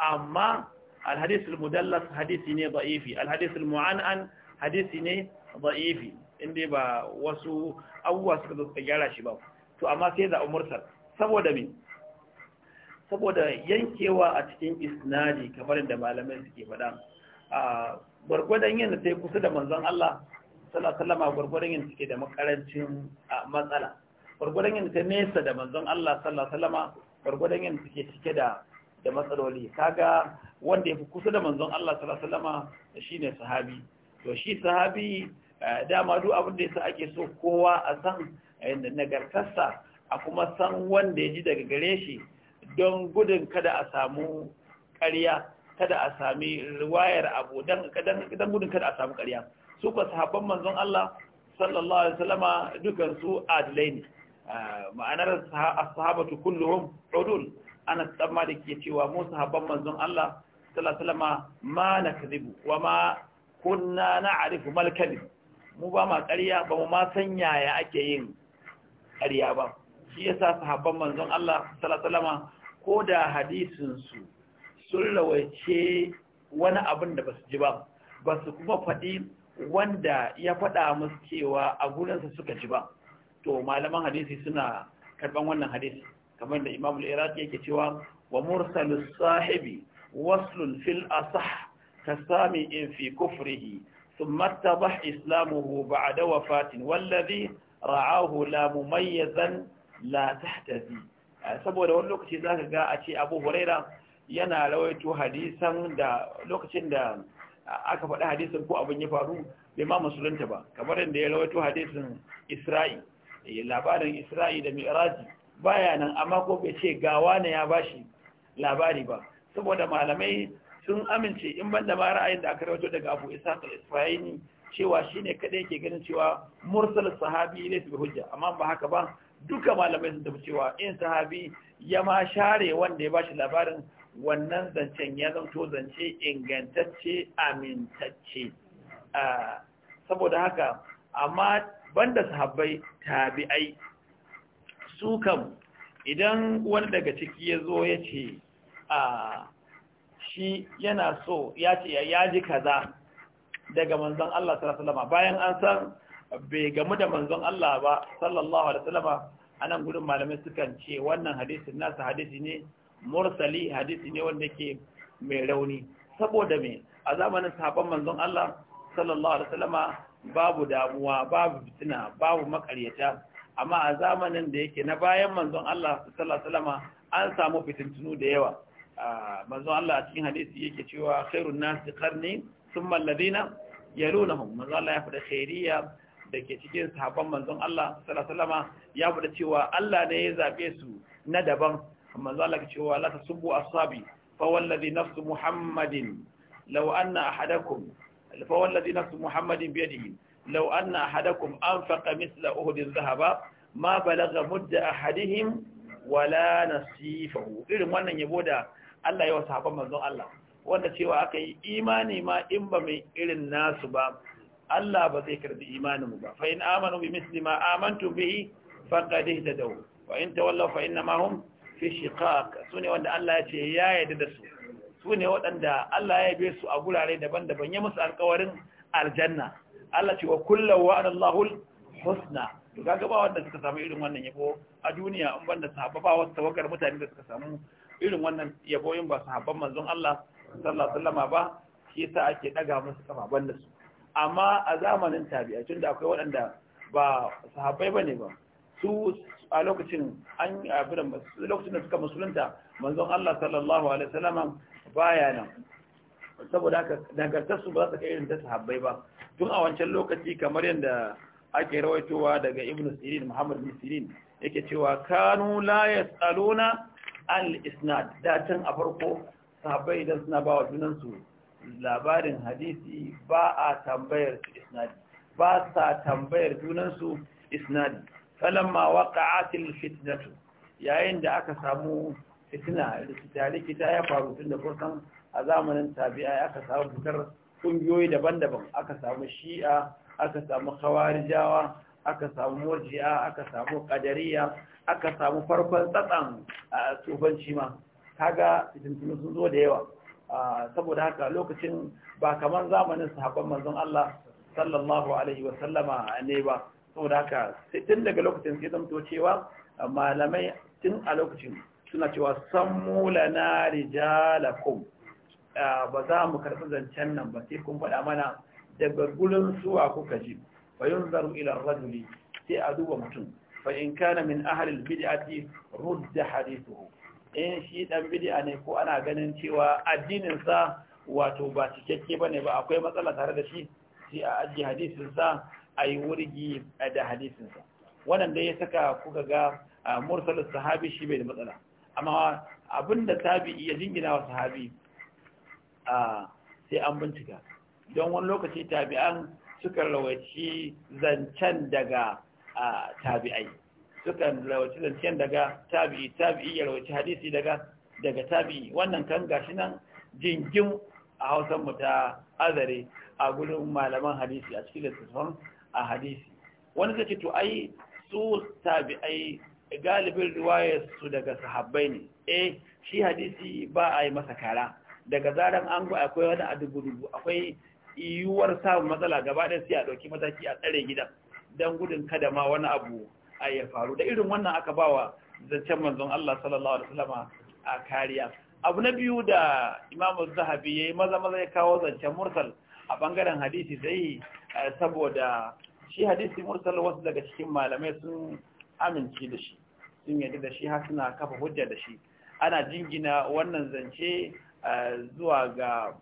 amma alhadisul mudallas hadisi ne zaifi alhadisul mu'an'an hadisi ne zaifi inda ba wasu abubuwa suka zo suka gyara shi ba to amma sai da umursal saboda me saboda yankewa a cikin isnadi kamar da malamai suke faɗa a gwargwadon yin sai kusa da manzon Allah sallallahu gwargwadon yin suke da makarancin matsala gwargwadon yin ta nesa da manzon Allah sallallahu gwargwadon yin suke cike da da matsaloli kaga wanda yafi kusa da manzon Allah sallallahu shine sahabi to shi sahabi dama duk abin da yasa ake so kowa a san nagartarsa a kuma san wanda ya ji daga gare shi don gudun kada a samu ƙarya kada a sami riwayar abu don gudun kada a samu ƙarya su ka sahabban manzon Allah sallallahu alaihi wasallama dukan su adilai ne ah, ma'anar sahabatu kulluhum udul ana tsamma da ke cewa mu sahabban manzon Allah sallallahu alaihi wasallama ma nakzibu wa ma kunna na'rifu mal kadhib mu ba ma ƙarya ba mu ma san yaya ake yin ƙarya ba shi yasa sahabban manzon Allah sallallahu alaihi wasallama ko da hadisinsu sun rawaice wani abin da ba su ji ba ba su kuma faɗi wanda ya faɗa musu cewa a gurinsa suka ji ba to malaman hadisi suna karɓan wannan hadisi kamar da imamul iraq yake cewa wa mursalus sahibi waslun fil asah ka sami in fi kufrihi ثم اتضح إسلامه بعد وفاة والذي رعاه لا مميزا لا تحتذي Eh, saboda wani lokaci za ka ga a ce abu huraira yana rawaito hadisan da lokacin da aka faɗi hadisan ko abin ya faru bai ma musulunta ba kamar yadda ya rawaito hadisan isra'i eh, labarin isra'i da mi'raji baya nan amma ko bai ce gawa na ya bashi labari ba saboda malamai sun amince in banda ma ra'ayin da aka rawaito daga abu isa al isra'ini cewa shine kaɗai yake ganin cewa mursal sahabi ne su hujja amma ba haka ba duka malamai sun tafi cewa in sahabi ya ma share wanda ya bashi labarin wannan zancen ya zanto zance ingantacce amintacce saboda haka amma banda sahabbai tabi'ai su kam idan wani daga ciki ya zo ya ce shi yana so ya ce ya ji kaza daga manzan Allah sallallahu alaihi bayan an san bai gamu da manzon Allah ba sallallahu alaihi a anan gudun malamai sukan ce wannan hadisin nasa hadisi ne mursali hadisi ne wanda ke mai rauni saboda me a zamanin sahabban manzon Allah sallallahu alaihi wasallama babu damuwa babu fitina babu makaryata amma a zamanin da yake na bayan manzon Allah sallallahu alaihi wasallama an samu fitintunu da yawa manzon Allah a cikin hadisi yake cewa khairun nasi qarni thumma alladhina yalunahum manzon Allah ya faɗa khairiyya da ke cikin sahabban manzon Allah sallallahu ya bada cewa Allah ne ya zabe su na daban manzon Allah cewa la tasubbu ashabi fa wallazi nafsu muhammadin law anna ahadakum fa wallazi nafsu muhammadin bi yadihi law anna ahadakum anfaqa mithla uhudin dhahaba ma balagha mudda ahadihim wala nasifahu irin wannan yabo da Allah ya wa sahabban manzon Allah wanda cewa aka yi imani ma in ba mai irin nasu ba Allah ba zai karbi imaninmu ba fa in amanu bi misli ma amantum bihi faqad ihtadaw wa in tawallaw fa inna ma hum fi shiqaq sune wanda Allah ya ce ya yarda da su sune waɗanda Allah ya bai su a gurare daban-daban ya musu alƙawarin aljanna Allah ce wa kullu wa Allahu husna to kaga ba wanda suka samu irin wannan yabo a duniya in banda sahabba ba wasu tawagar mutane da suka samu irin wannan yabo in ba sahabban manzon Allah sallallahu alaihi wasallama ba shi yasa ake daga musu kafa banda su amma a zamanin tabi'a tun da akwai waɗanda ba sahabbai ba ne ba su a lokacin an abin lokacin da suka musulunta manzon Allah sallallahu alaihi wasallam baya nan saboda haka dangantar su ba za ta kai irin ta sahabbai ba tun a wancan lokaci kamar yadda ake rawaitowa daga Ibn Sirin Muhammad bin Sirin yake cewa kanu la yasaluna al isnad da tun a farko sahabbai idan suna ba wa junan su labarin hadisi ba a tambayar su isnadi ba sa tambayar junansu isnadi falamma waqa'atil fitnatu yayin da aka samu fitna da likita ya faru tun da kusan a zamanin tabi'a aka samu fitar kungiyoyi daban-daban aka samu shi'a aka samu khawarijawa aka samu murji'a aka samu qadariyya aka samu farkon tsatsan a tsofanci ma kaga fitintunu sun zo da yawa Ah, saboda haka lokacin ba kamar zamanin sahabban manzon Allah sallallahu alaihi wa sallama ne ba saboda haka tun daga lokacin sai zamto cewa malamai tun a lokacin suna cewa sammu lana rijalakum ah, ba za mu karɓi zancen nan ba sai kun faɗa mana daga gulun suwa kuka ji fa yunzaru ila rajuli sai a duba mutum fa in kana min ahlil al-bid'ati rudda hadithuhu in shi dan bid'a ne ko ana ganin cewa addinin sa wato ba cikakke bane ba akwai matsala tare da shi sai a ajiye hadisin sa ayi wurgi da hadisin sa wannan da ya saka kuka ga mursalin sahabi shi bai da matsala amma abinda tabi'i ya jingina wa sahabi sai an bincika don wani lokaci tabi'an suka rawaci zancen daga tabi'ai suka rawaci zancen daga tabi'i tabi'i ya rawaci hadisi daga daga tabi'i wannan kan gashi nan jingim a hausan mu ta azare a gurin malaman hadisi a cikin littattafan a hadisi wani zai to ai su tabi'ai galibin riwayar su daga sahabbai ne eh shi hadisi ba a yi masa kara daga zaran an ga akwai wani adubu akwai yiwuwar samun matsala gaba ɗaya sai a ɗauki mataki a tsare gidan Dan gudun kada ma wani abu a ya faru da irin wannan aka ba wa zancen manzon Allah sallallahu alaihi wasallama a kariya abu na biyu da Imam zahabi ya maza maza ya kawo zancen mursal a bangaren hadisi sai eh, saboda shi hadisi mursal wasu daga cikin malamai sun amince da shi sun yadda da shi har suna kafa hujja da shi ana jingina wannan zance eh, zuwa ga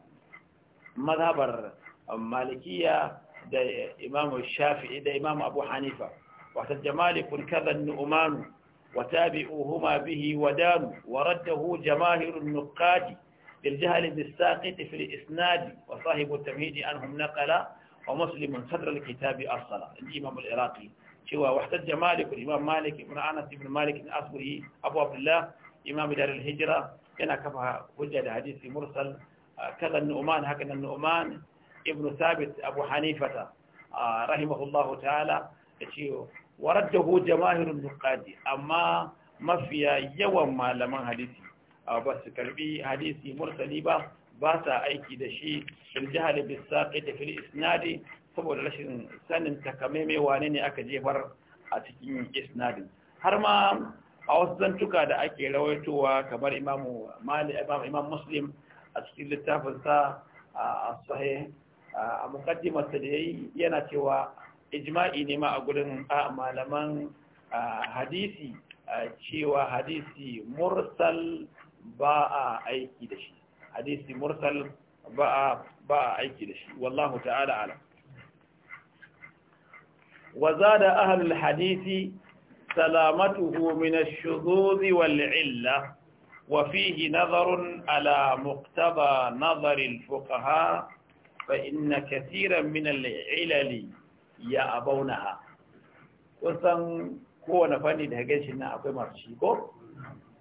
mazhabar malikiya da imamu shafi'i da imamu abu hanifa واحتج مالك كذا النؤمان وتابعوهما به ودان ورده جماهر النقاد للجهل بالساقط في الإسناد وصاحب التمهيد عنهم نقل ومسلم صدر الكتاب أرسل الإمام العراقي شوى واحتج مالك الإمام مالك بن أنس بن مالك أصبه أبو عبد الله إمام دار الهجرة كان كفها وجد حديث مرسل كذا النؤمان هكذا النؤمان ابن ثابت أبو حنيفة آه، رحمه الله تعالى waraddahu jamaahirun nuqadi amma mafiya yawan malaman hadisi ba su karbi hadisi mursali ba ba sa aiki da shi fil jahali bis saqi da fil isnadi saboda rashin sanin takamaimai wane ne aka jefar a cikin isnadin har ma a wasu zantuka da ake rawaitowa kamar imam muslim a cikin littafinsa a sahih a mukaddimarsa da yayi yana cewa ijma'i ne ma a gurin malaman hadisi cewa hadisi mursal ba a aiki da shi hadisi mursal ba a aiki da shi wallahu ta'ala ala wa zada ahlul hadisi salamatuhu min ash-shuzuz wal illa wa fihi nazarun ala muqtaba nazaril al-fuqaha fa inna katiran min al-ilali ya abaunaha kusan kowane fanni da hage shi na akwai masu shi ko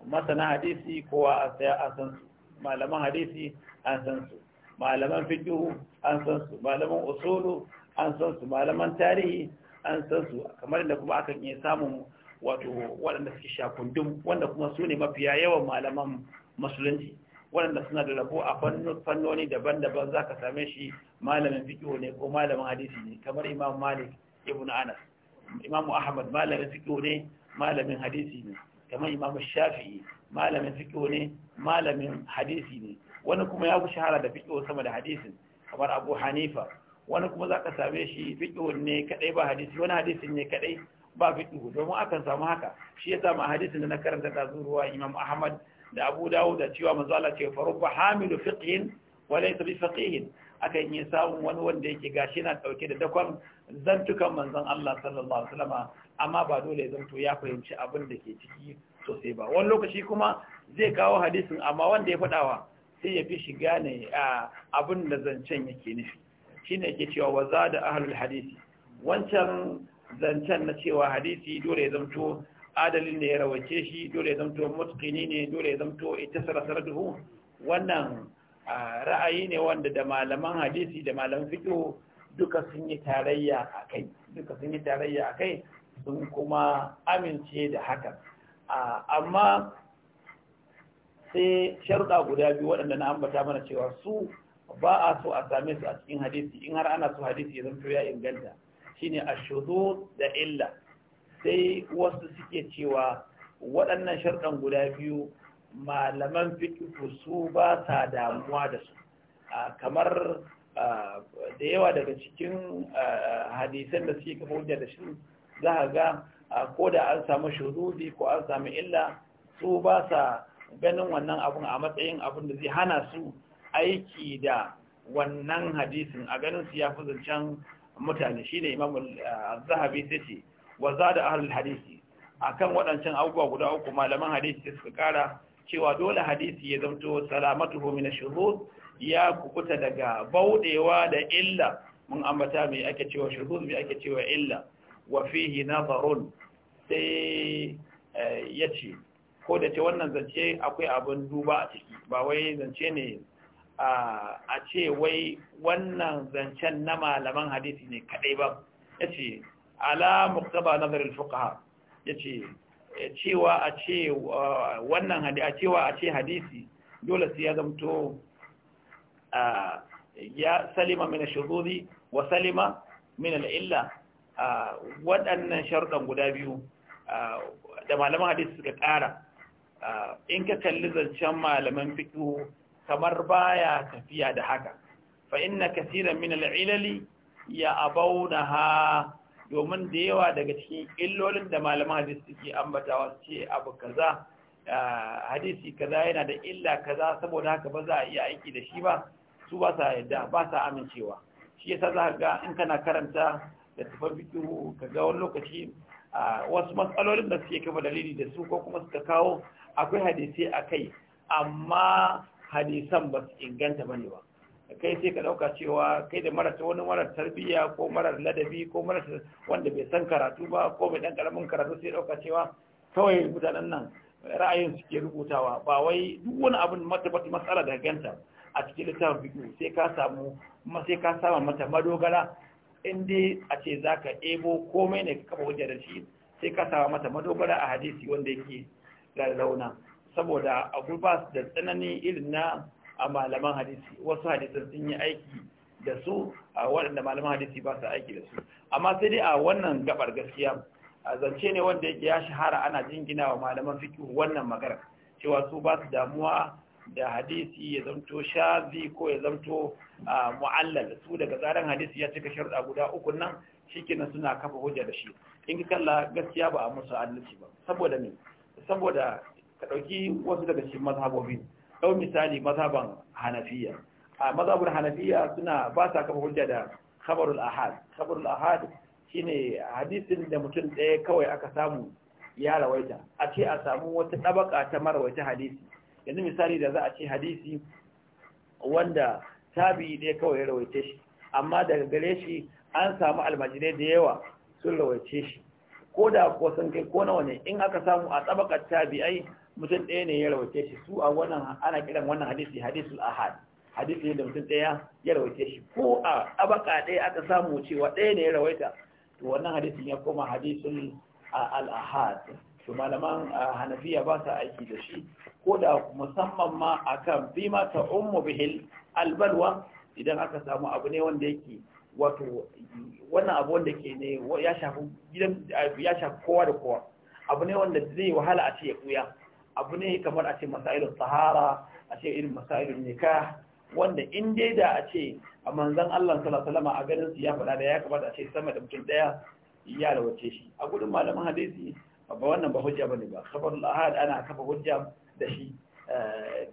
masana hadisi kowa a san su malaman hadisi an san su malaman fikihu an san su malaman usulu an san su malaman tarihi an san su kamar da kuma akan iya samun wato waɗanda suke shakundum wanda kuma su ne mafiya yawan malaman musulunci waɗanda suna da rabo a fannoni daban-daban za ka same shi malamin fiqh ne ko malamin hadisi ne kamar imam malik ibn anas imam ahmad malamin fiqh ne malamin hadisi ne kamar imam shafi'i malamin fiqh ne malamin hadisi ne wani kuma ya fi shahara da fiqh sama da hadisin kamar abu hanifa wani kuma za ka same shi fiqh ne kadai ba hadisi wani hadisin ne kadai ba fiqh domin akan samu haka shi ya samu hadisin da na karanta da zuwa imam ahmad da abu dawud da cewa manzo Allah ce faru ba. hamilu fiqhin wa laysa bi faqihin aka yi samun wani wanda yake gashi na ɗauke da dakon zantukan manzon Allah sallallahu alaihi wasallam amma ba dole ya zanto ya fahimci abin da ke ciki sosai ba wani lokaci kuma zai kawo hadisin amma wanda ya faɗawa sai ya fi shiga ne abin da zancen yake nufi shine yake cewa wa za da ahlul hadisi wancan zancen na cewa hadisi dole ya zanto adalin da ya rawace shi dole ya zanto mutqini ne dole ya zanto ita sarasar duhu wannan ra'ayi ne wanda da malaman hadisi da malaman fiqh duka sun yi tarayya a kai duka sun yi tarayya a kai sun kuma amince da haka amma sai sharuɗa guda biyu waɗanda na ambata mana cewa su ba a so a same su a cikin hadisi in har ana so hadisi ya zanto ya inganta shine ashudu da illa sai wasu suke cewa waɗannan sharuɗan guda biyu malaman fikihu su ba sa damuwa da su kamar da yawa daga cikin hadisan da suke kafa hujja da shi za a ga ko da an samu shuruɗi ko an samu illa su ba sa ganin wannan abun a matsayin abun da zai hana su aiki da wannan hadisin a ganin su ya fi zancen mutane shi ne imamul zahabi sai ce wa za da ahalul hadisi akan waɗancan abubuwa guda uku malaman hadisi suka ƙara. cewa dole hadisi ya zamto salamatuhu min ash-shuhud ya kukuta daga baudewa da illa mun ambata mai ake cewa shuhud mai ake cewa illa wa fihi nazarun sai eh, yace ko da ce wannan zance akwai abin duba a ciki ba wai zance ne a ce wai wannan zancen na malaman hadisi ne kadai ba yace ala muqtaba nazar al-fuqaha yace cewa a ce wannan a cewa a ce hadisi dole sai ya zamto ya salima min shuzuri wa salima min al'illa waɗannan sharuɗan guda biyu da malaman hadisi suka ƙara in ka kalli zancen malaman fiƙo kamar baya tafiya da haka fa inna kasiran min ilali ya ha. domin da yawa daga cikin illolin da malaman hadisi suke ambatawa ce abu kaza hadisi kaza yana da illa kaza saboda haka ba za a iya aiki da shi ba su ba sa yadda ba sa amincewa shi yasa za ga in kana karanta da tafi bikihu ka ga wani lokaci wasu matsalolin da suke kafa dalili da su ko kuma suka kawo akwai hadisi a kai amma hadisan ba su inganta ba ne ba kai sai ka ɗauka cewa kai da marar wani marar tarbiyya ko marar ladabi ko marar wanda bai san karatu ba ko bai dan karamin karatu sai ɗauka cewa kawai mutanen nan ra'ayin ke rubutawa ba wai duk wani abin matabbaci matsala da ganta a cikin littafin biyu sai ka samu sai ka sama mata madogara in dai a ce za ka ɗebo komai ne ka kafa hujja da shi sai ka sama mata madogara a hadisi wanda yake launa saboda abu ba da tsanani irin na a malaman hadisi wasu hadisan sun yi aiki da su a waɗanda malaman hadisi ba su aiki da su amma sai dai a wannan gabar gaskiya a zance ne wanda yake ya shahara ana jingina wa malaman fiki wannan magana cewa su ba su damuwa da hadisi ya zamto shazi ko ya zamto mu'allal su daga tsarin hadisi ya cika sharuɗa guda uku nan shikenan suna kafa hujja da shi in ka kalla gaskiya ba a musu adalci ba saboda ne saboda ka ɗauki wasu daga cikin mazhabobi ɗau misali mazhaban hanafiya a mazhabun hanafiya suna ba sa kafa hujja da khabarul ahad khabarul ahad shine hadisin da mutum ɗaya kawai aka samu ya rawaita a ce a samu wata ɗabaka ta marawaita hadisi yanzu misali da za a ce hadisi wanda tabi ɗaya kawai ya rawaita shi amma daga gare shi an samu almajirai da yawa sun rawaita shi ko da kuwa kai ko na ne in aka samu a tabakar tabi'ai mutum ɗaya ne ya rawace shi su a wannan ana kiran wannan hadisi hadisul ahad hadisi da mutum ɗaya ya rawace shi ko a abaka ɗaya aka samu cewa ɗaya ne ya rawaita to wannan hadisi ya koma hadisul al-ahad to malaman hanafiya ba sa aiki da shi ko da musamman ma akan bima ta ummu bihil albalwa idan aka samu abu ne wanda yake wato wannan abu wanda ke ne ya shafi gidan ya shafi kowa da kowa abu ne wanda zai wahala a ce ya abu ne kamar a ce masailun sahara a ce irin masailun nika wanda in dai da a ce a manzan Allah wasallam a ganin su ya faɗa da ya kamata a ce sama da mutum ɗaya ya da wace shi a gudun malamin hadisi ba wannan ba hujja bane ba khabarul ahad ana kafa hujja da shi eh,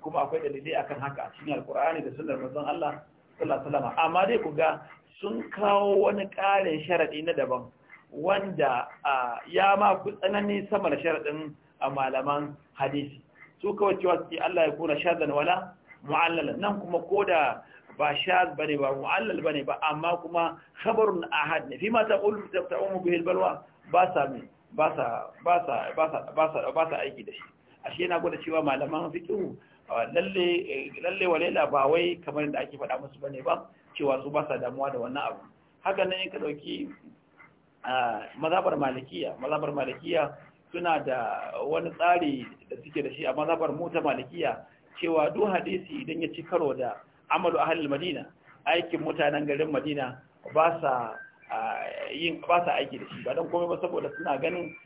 kuma akwai dalili akan haka a cikin alkur'ani da sunnar manzon Allah sallallahu alaihi amma dai ku ga sun kawo wani ƙarin sharaɗi na daban wanda ah, ya ma ku tsanani sama da sharadin a malaman hadisi su kawai cewa suke Allah ya kura shazan wala mu'allala nan kuma ko da ba shaz bane ba mu'allal bane ba amma kuma khabarun ahad ne fi ma ta ta'umu bihi albalwa ba sa ba sa ba ba sa ba sa aiki da shi ashe yana gwada cewa malaman fiqh lalle lalle walela ba wai kamar da ake faɗa musu bane ba cewa su ba sa damuwa da wannan abu haka nan in ka dauki mazhabar malikiya mazhabar malikiya suna da wani tsari da suke da shi a mazabar mota malikiya cewa duk hadisi idan ya ci karo da amalu halin madina aikin mutanen garin madina ba sa aiki da shi ba don komai ba saboda suna ganin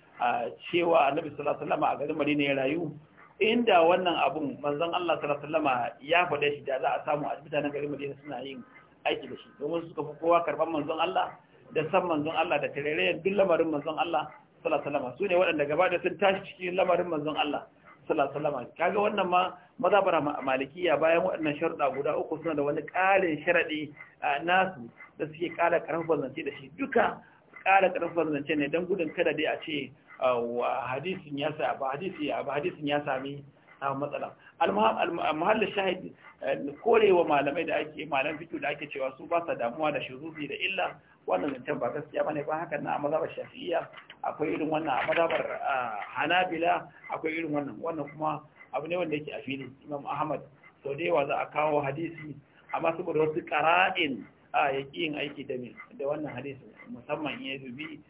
cewa annabi sallallahu alaihi a garin madina ya rayu inda wannan abun manzon Allah sallallahu ya faɗa shi da za a samu a mutanen garin madina suna yin aiki da shi domin suka fi kowa karban manzon Allah da san manzon Allah da tarayyar duk lamarin manzon Allah sallallahu alaihi wasallam sune waɗanda gaba da sun tashi cikin lamarin manzon Allah sallallahu alaihi wasallam kaga wannan ma mazabara malikiya bayan waɗannan sharuɗa guda uku suna da wani ƙarin sharaɗi nasu da suke ƙara ƙarfin zance da shi duka ƙara ƙarfin zance ne don gudun kada dai a ce hadisin ya sa ba hadisi ba hadisin ya sami samun matsala almahallin shahid eh, korewa malamai da ake malam fito da ake cewa su ba sa damuwa da shurufi da illa wannan zancen ba gaskiya bane ba hakan na mazhabar shafi'iyya akwai irin wannan a mazhabar hanabila akwai irin wannan wannan kuma abu ne wanda yake a fili imam ahmad sau da yawa za a kawo hadisi amma saboda wasu qara'in a yaqin aiki da da wannan hadisi musamman in ya dubi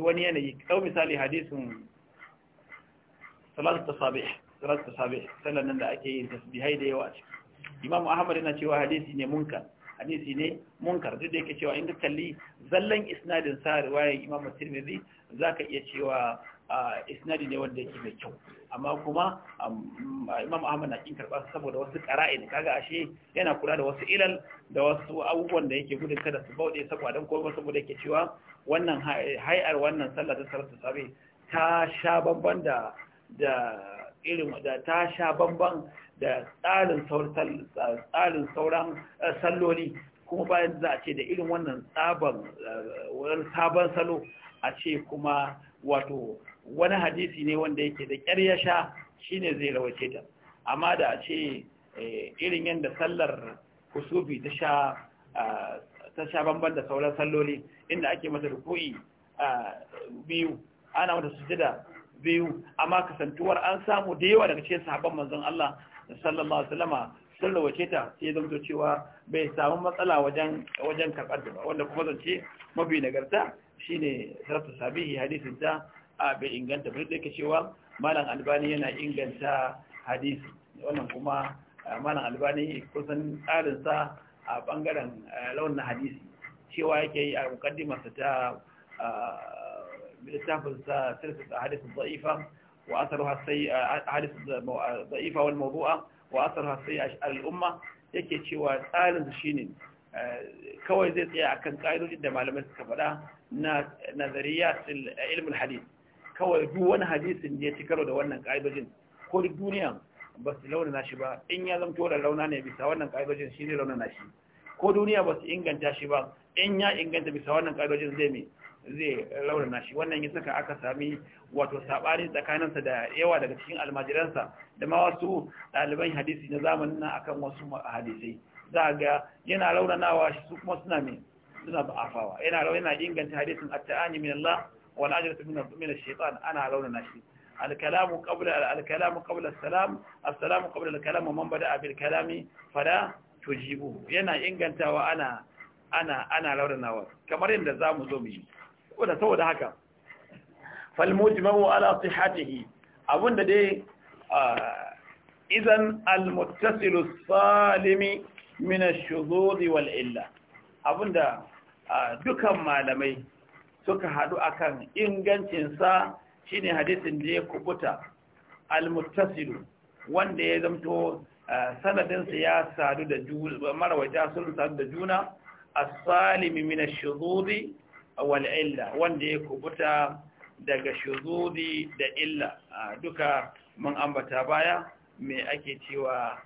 wani yanayi kau misali hadisin salatu tasabih salatu tasabih sallan nan da ake yin tasbihai da yawa a imam ahmad yana cewa hadisi ne munkar hadisi ne munkar duk da yake cewa in ka kalli zallan isnadin sa riwayar Imam Tirmidhi zaka iya cewa isnadi ne wanda yake mai kyau amma kuma Imam Ahmad na kin karba saboda wasu ne kaga ashe yana kula da wasu ilal da wasu abubuwan da yake gudun kada su bauɗe saboda dan ko saboda yake cewa wannan hay'ar wannan sallar ta sarrafa sabai ta sha da da irin da ta sha bamban da tsarin sauran salloli kuma bayan za a ce da irin wannan sabon salo a ce kuma wato wani hadisi ne wanda yake da ƙyar ya sha shi ne zai rawace ta amma da a ce e, irin yadda sallar kusufi ta sha banban da sauran salloli inda ake mata rukui biyu ana mata sujada biyu amma kasantuwar an samu da yawa daga cikin sahabban manzon Allah sallallahu alaihi wasallama sun rawace ta sai ya zamto cewa bai samu matsala wajen wajen karɓar ba. wanda kuma zance mafi nagarta shine sarrafa sabihi hadisin ta a bai inganta ba da yake cewa malam albani yana inganta hadisi wannan kuma malam albani kusan tsarin sa a bangaren launin hadisi cewa yake yi a mukaddimarsa ta littafin sa sirrin hadisin da'ifa وأثرها السيء أحاديث ضعيفة والموضوعة وأثرها السيء على الأمة yake cewa tsarin shi ne kawai zai tsaya a kan ƙa'idojin da malamai suka faɗa na nazariya ilmin hadis kawai duk wani hadisin ya ci karo da wannan ƙa'idojin ko duk duniya ba su launana shi ba in ya zama da launa ne bisa wannan ƙa'idojin shi ne launana shi ko duniya ba su inganta shi ba in ya inganta bisa wannan ƙa'idojin zai mai zai raunana shi wannan ya saka aka sami wato sabani tsakaninsa da yawa daga cikin almajiransa da ma wasu ɗaliban hadisi na zamanin nan akan wasu hadisai za ga yana raunanawa shi su kuma suna mai suna ba'afawa yana raunana inganta hadisin at-ta'ani min Allah wal ajratu min min ash-shaytan ana raunana shi الكلام قبل الكلام قبل السلام السلام قبل الكلام ومن بدأ بالكلام فلا تجيبه yana ingantawa ana ana ana raunanawa kamar yadda za mu zo mu yi saboda saboda haka falmujmahu ala sihhatihi abunda dai idan almuttasilu salimi min ash-shuzuri wal illa abunda dukan malamai suka hadu akan ingancin sa shine hadisin da ya kubuta almuttasilu wanda ya zamto sanadinsa ya sadu da juna sun sadu da juna as-salimi wal illa wanda ya kubuta daga shuzudi da illa duka mun ambata baya me ake cewa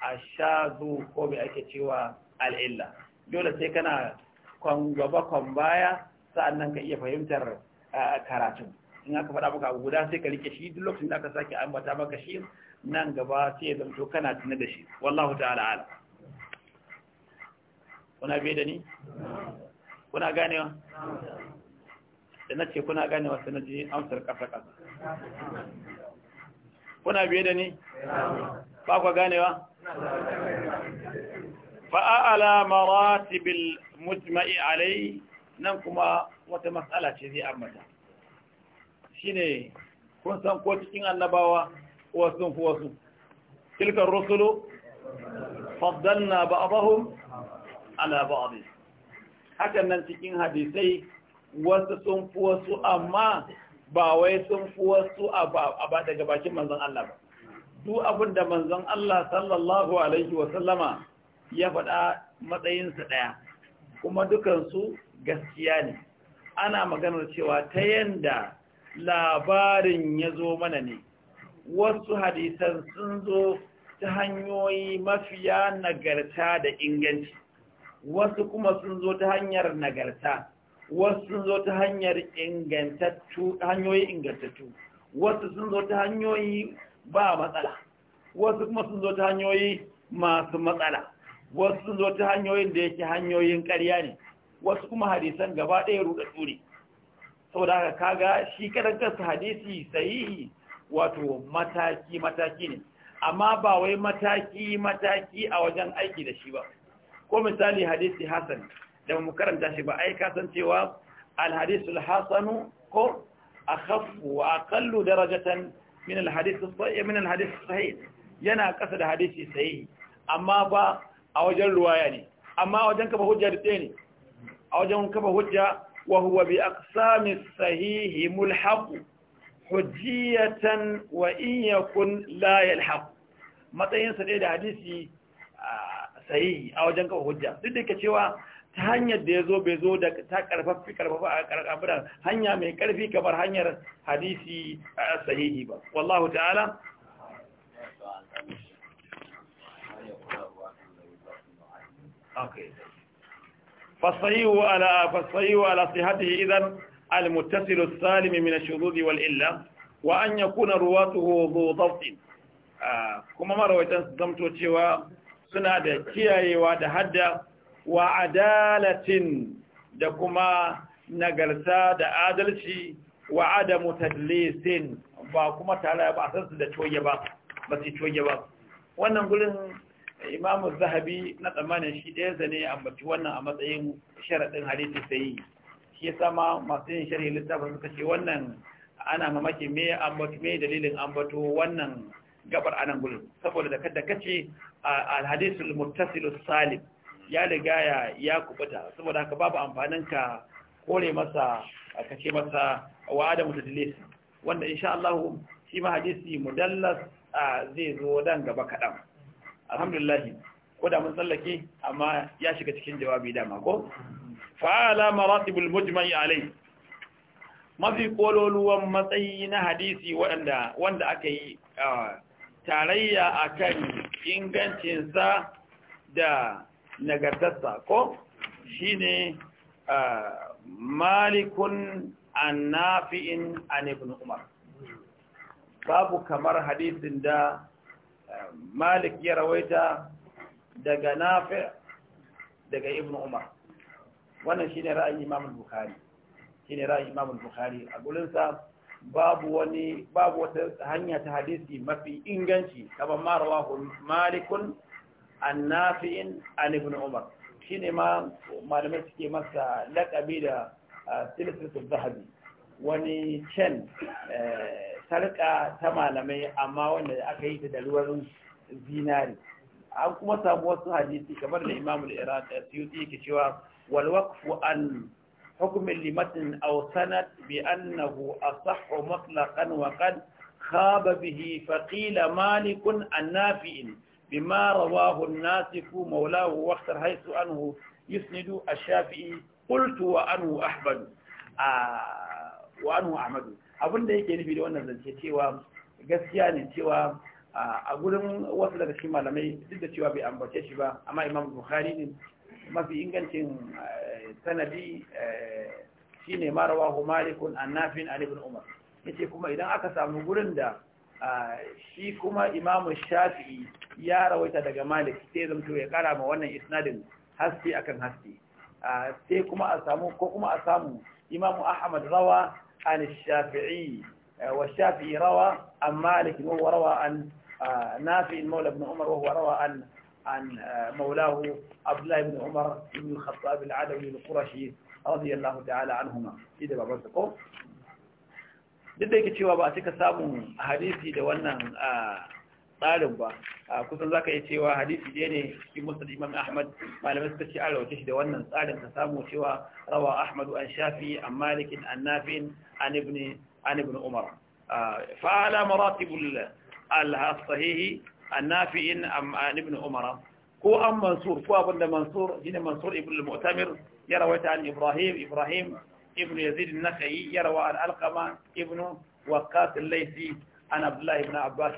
ashazu ko me ake cewa al'illa dole sai kana kon gaba kwan baya sa'annan ka iya fahimtar karatu. in aka faɗa maka abu guda sai ka rike shi duk lokacin da aka sake ambata maka shi nan gaba sai ya zamto kana tuna da shi wallahu ta'ala ala kuna bai da ni kuna ganewa da na ce kuna ganewa sai na ji amsar ƙasa-ƙasa kuna biye da ni ba kwa ganewa fa'a'ala maratibil mujma'i alai nan kuma wata matsala ce zai Shi ne kun san ko cikin annabawa wasu fi wasu tilkar rusulu faddalna bahu ala bisu hakan nan cikin hadisai wasu sun fi wasu amma ba wai sun fi wasu a daga bakin manzon Allah ba duk abin da manzon Allah sallallahu alaihi wa ya faɗa matsayinsa ɗaya kuma dukansu gaskiya ne ana maganar cewa ta yanda labarin ya zo mana ne wasu hadisan sun zo ta hanyoyi mafiya nagarta da inganci wasu kuma sun zo ta hanyar nagarta wasu sun zo ta hanyar ingantattu hanyoyi ingantattu wasu sun zo ta hanyoyi ba matsala wasu kuma sun zo ta hanyoyi masu matsala wasu sun zo ta hanyoyin da yake hanyoyin ƙarya ne wasu kuma hadisan gaba ɗaya ruɗa ture saboda haka kaga shi kadan kansa hadisi sahihi wato mataki mataki ne amma ba wai mataki mataki a wajen aiki da shi ba ko misali hadisi hasan da mu karanta shi ba ai kasancewa san cewa al ko akhaffu wa darajatan min al min al yana kasa da hadisi sahihi amma ba a wajen ruwaya ne amma wajen kafa hujja da ne a wajen kafa hujja wa huwa bi aqsami sahihi mulhaq hujjatan wa in yakun la yalhaq matsayin sa da hadisi sahihi a wajen kafa hujja duk da ke cewa ta hanyar da yazo bai zo da ta karfafi karfafa a karfafa hanya mai karfi kamar hanyar hadisi sahihi ba wallahu ta'ala okay fasahihu ala fasahihu ala sihhatihi idan المتصل السالم من الشذوذ والإلا وأن يكون رواته ذو ضبط كما ما رويتان زمتو cewa. suna da kiyayewa da hadda wa adalatin da kuma nagarta da adalci wa adamu tadlisin ba kuma tare ba a sansu da coge ba ba su coge ba wannan gurin imamu zahabi na tsammanin shi ɗaya zane ambaci wannan a matsayin sharaɗin hadisi sai shi ya sama masu yin sharhi littafin suka ce wannan ana mamaki me me dalilin ambato wannan gabar anan gudun saboda da kada kace alhadisul muttasilus salim ya riga ya ya kubuta saboda haka babu amfanin ka kore masa kace masa wa adamu tadlis wanda insha Allah shi ma hadisi mudallas zai zo dan gaba kadan alhamdulillah ko da mun tsallake amma ya shiga cikin jawabi dama ko fa'ala maratibul mujmai alai mafi kololuwan matsayi na hadisi wanda aka yi tarayya akan ingancinsa da nagartarsa ko shine malikun annafi'in an ibn umar babu kamar hadisin da malik ya rawaita daga nafi' daga ibn umar wannan ne ra'ayin imam al-bukhari shine ra'ayin imam bukhari a gurinsa babu wani babu wata hanya ta hadisi mafi inganci kamar ma rawahu malikun annafi'in an ibn umar shine ma malamai suke masa laqabi da silsilatul zahabi wani can eh, sarka ta malamai amma wanda aka yi ta da ruwan zinari an kuma samu wasu hadisi kamar da imamul iraq suyuti yake cewa walwakfu an hukmin limatin aw sanad بأنه أصح مطلقا وقد خاب به فقيل مالك النافئ بما رواه الناسف مولاه واختر حيث أنه يسند الشافعي قلت وأنه أحمد وأنه أحمد abin da yake nufi da wannan zance cewa gaskiya ne cewa a gurin wasu daga cikin malamai duk da cewa bai ambace shi ba amma imam bukhari ne mafi ingancin sanadi shine ma rawahu malik an nafin an ibn umar yace kuma idan aka samu gurin da shi kuma imam shafi'i ya rawaita daga malik sai zamto ya kara ma wannan isnadin haske akan haske sai kuma a samu ko kuma a samu imam ahmad rawa an shafi'i wa shafi'i rawa an malik wa huwa rawa an nafi mawla ibn umar wa huwa rawa an عن مولاه عبد الله بن عمر بن الخطاب العدوي القرشي radiyallahu ta'ala anhuma shi da babansa ko duk da yake cewa ba a cika samun hadisi da wannan tsarin ba kusan za ka yi cewa hadisi ɗaya ne cikin musnad imam ahmad malamai suka ce an rawace shi da wannan tsarin ka samu cewa rawa ahmadu an shafi an malikin an nafin an ibn an ibn umar fa'ala maratibul al-sahihi an nafi'in an ibn umar ko an mansur ko abinda mansur shine mansur ibn al-mu'tamir يروي عن إبراهيم إبراهيم ابن يزيد النخعي يروى عن القمة ابن وقاص الليثي عن عبد الله بن عباس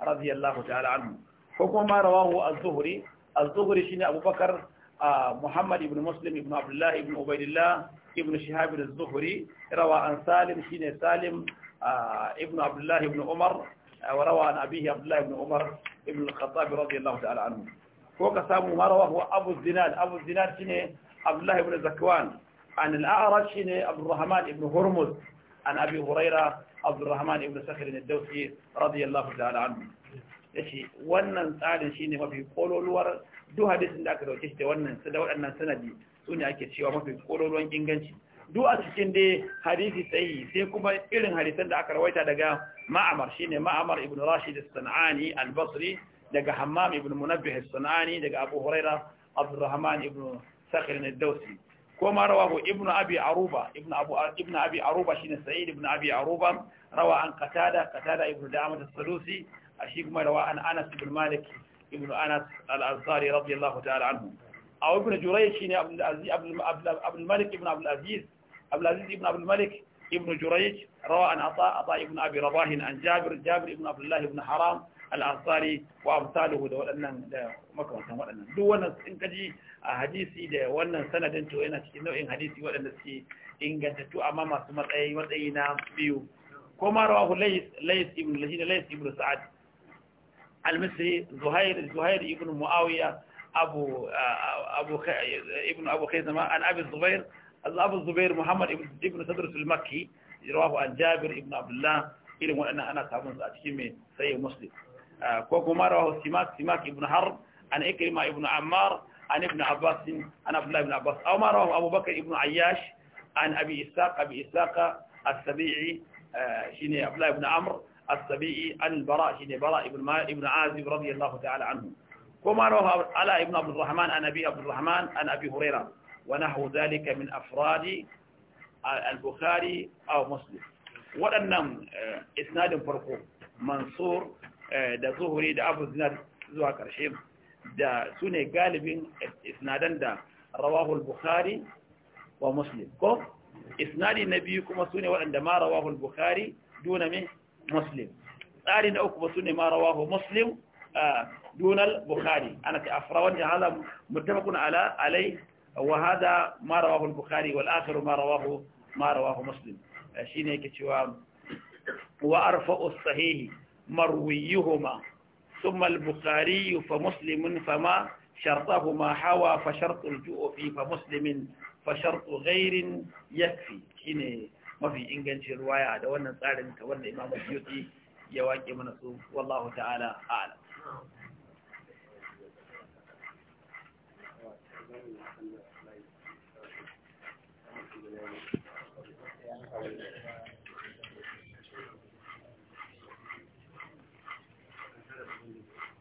رضي الله تعالى عنه حكم ما رواه الزهري الزهري شنو أبو بكر آه محمد بن مسلم بن عبد الله بن عبيد الله ابن شهاب الزهري روى عن سالم شنو سالم آه ابن عبد الله بن عمر آه وروى عن أبيه عبد الله بن عمر ابن الخطاب رضي الله تعالى عنه ko ka samu ma rawahu abu zinad abu zinad shine abdullahi ibn zakwan an al'a'raj shine abdurrahman ibn hurmuz an abi huraira abdurrahman ibn sakhr al-dawsi radiyallahu ta'ala anhu yace wannan tsarin ne mafi kololuwar duk hadisin da aka dauke shi da wannan da waɗannan sanadi su ne ake cewa mafi kololuwan inganci duk a cikin dai hadisi sai sai kuma irin hadisan da aka rawaita daga ma'amar shine ma'amar ibn rashid as-sanani al-basri daga hammam ibn munabbih as-sanani daga abu huraira abdurrahman ibn sakir ne dausi ko ma rawa bu ibn abi aruba ibn abu ibn abi aruba sa'id ibn abi aruba rawa an qatada ibn da'amat as-sulusi kuma an anas ibn malik ibn anas al-ansari radiyallahu ta'ala anhu aw ibn jurayj shine abu aziz ibn abu ibn abu ibn jurayj rawa an ata ata ibn abi an jabir jabir ibn abdullah ibn haram al-ansari wa amsaluhu da waɗannan da makamantan waɗannan duk wannan in kaji a hadisi da wannan sanadin to yana cikin nau'in hadisi waɗanda suke ingantattu amma masu matsayi matsayi na biyu ko ma rawahu lays ibn lajina lays ibn sa'ad al-misri zuhair zuhair ibn muawiya abu abu ibn abu khaizama an abi zubair abu zubair muhammad ibn sadr al-makki rawahu an jabir ibn abdullah irin waɗannan ana samun su a cikin mai sayyid muslim آه، كوكو مرة سماك سماك ابن حرب عن إكرمة ابن عمار عن ابن عباس عن عبد الله بن عباس أو ما رواه أبو بكر ابن عياش عن أبي إساق أبي إساق السبيعي آه، شيني عبد الله بن عمرو السبيعي عن البراء شيني براء ابن ابن عازب رضي الله تعالى عنه كما رواه على ابن عبد الرحمن عن أبي عبد الرحمن عن أبي هريرة ونحو ذلك من أفراد البخاري أو مسلم waɗannan آه، إسناد farko منصور Eh, da zuhuri da abu zinar zuwa ƙarshe da su ne galibin isnadan da rawahul bukhari wa muslim ko isnadi na biyu kuma su ne waɗanda ma rawahul bukhari duna muslim tsari na uku ba su ne ma rawahu muslim دون البخاري أنا أفروني هذا متفق على عليه وهذا ما رواه البخاري والآخر ما رواه ما رواه مسلم شيني wa وأرفع الصحيح مرويهما ثم البخاري فمسلم فما شرطهما حوى فشرط الجوء في فمسلم فشرط غير يكفي هنا ما في إنجنش رواية دوانا سالم تولى إمام السيوطي يواجه من والله تعالى أعلم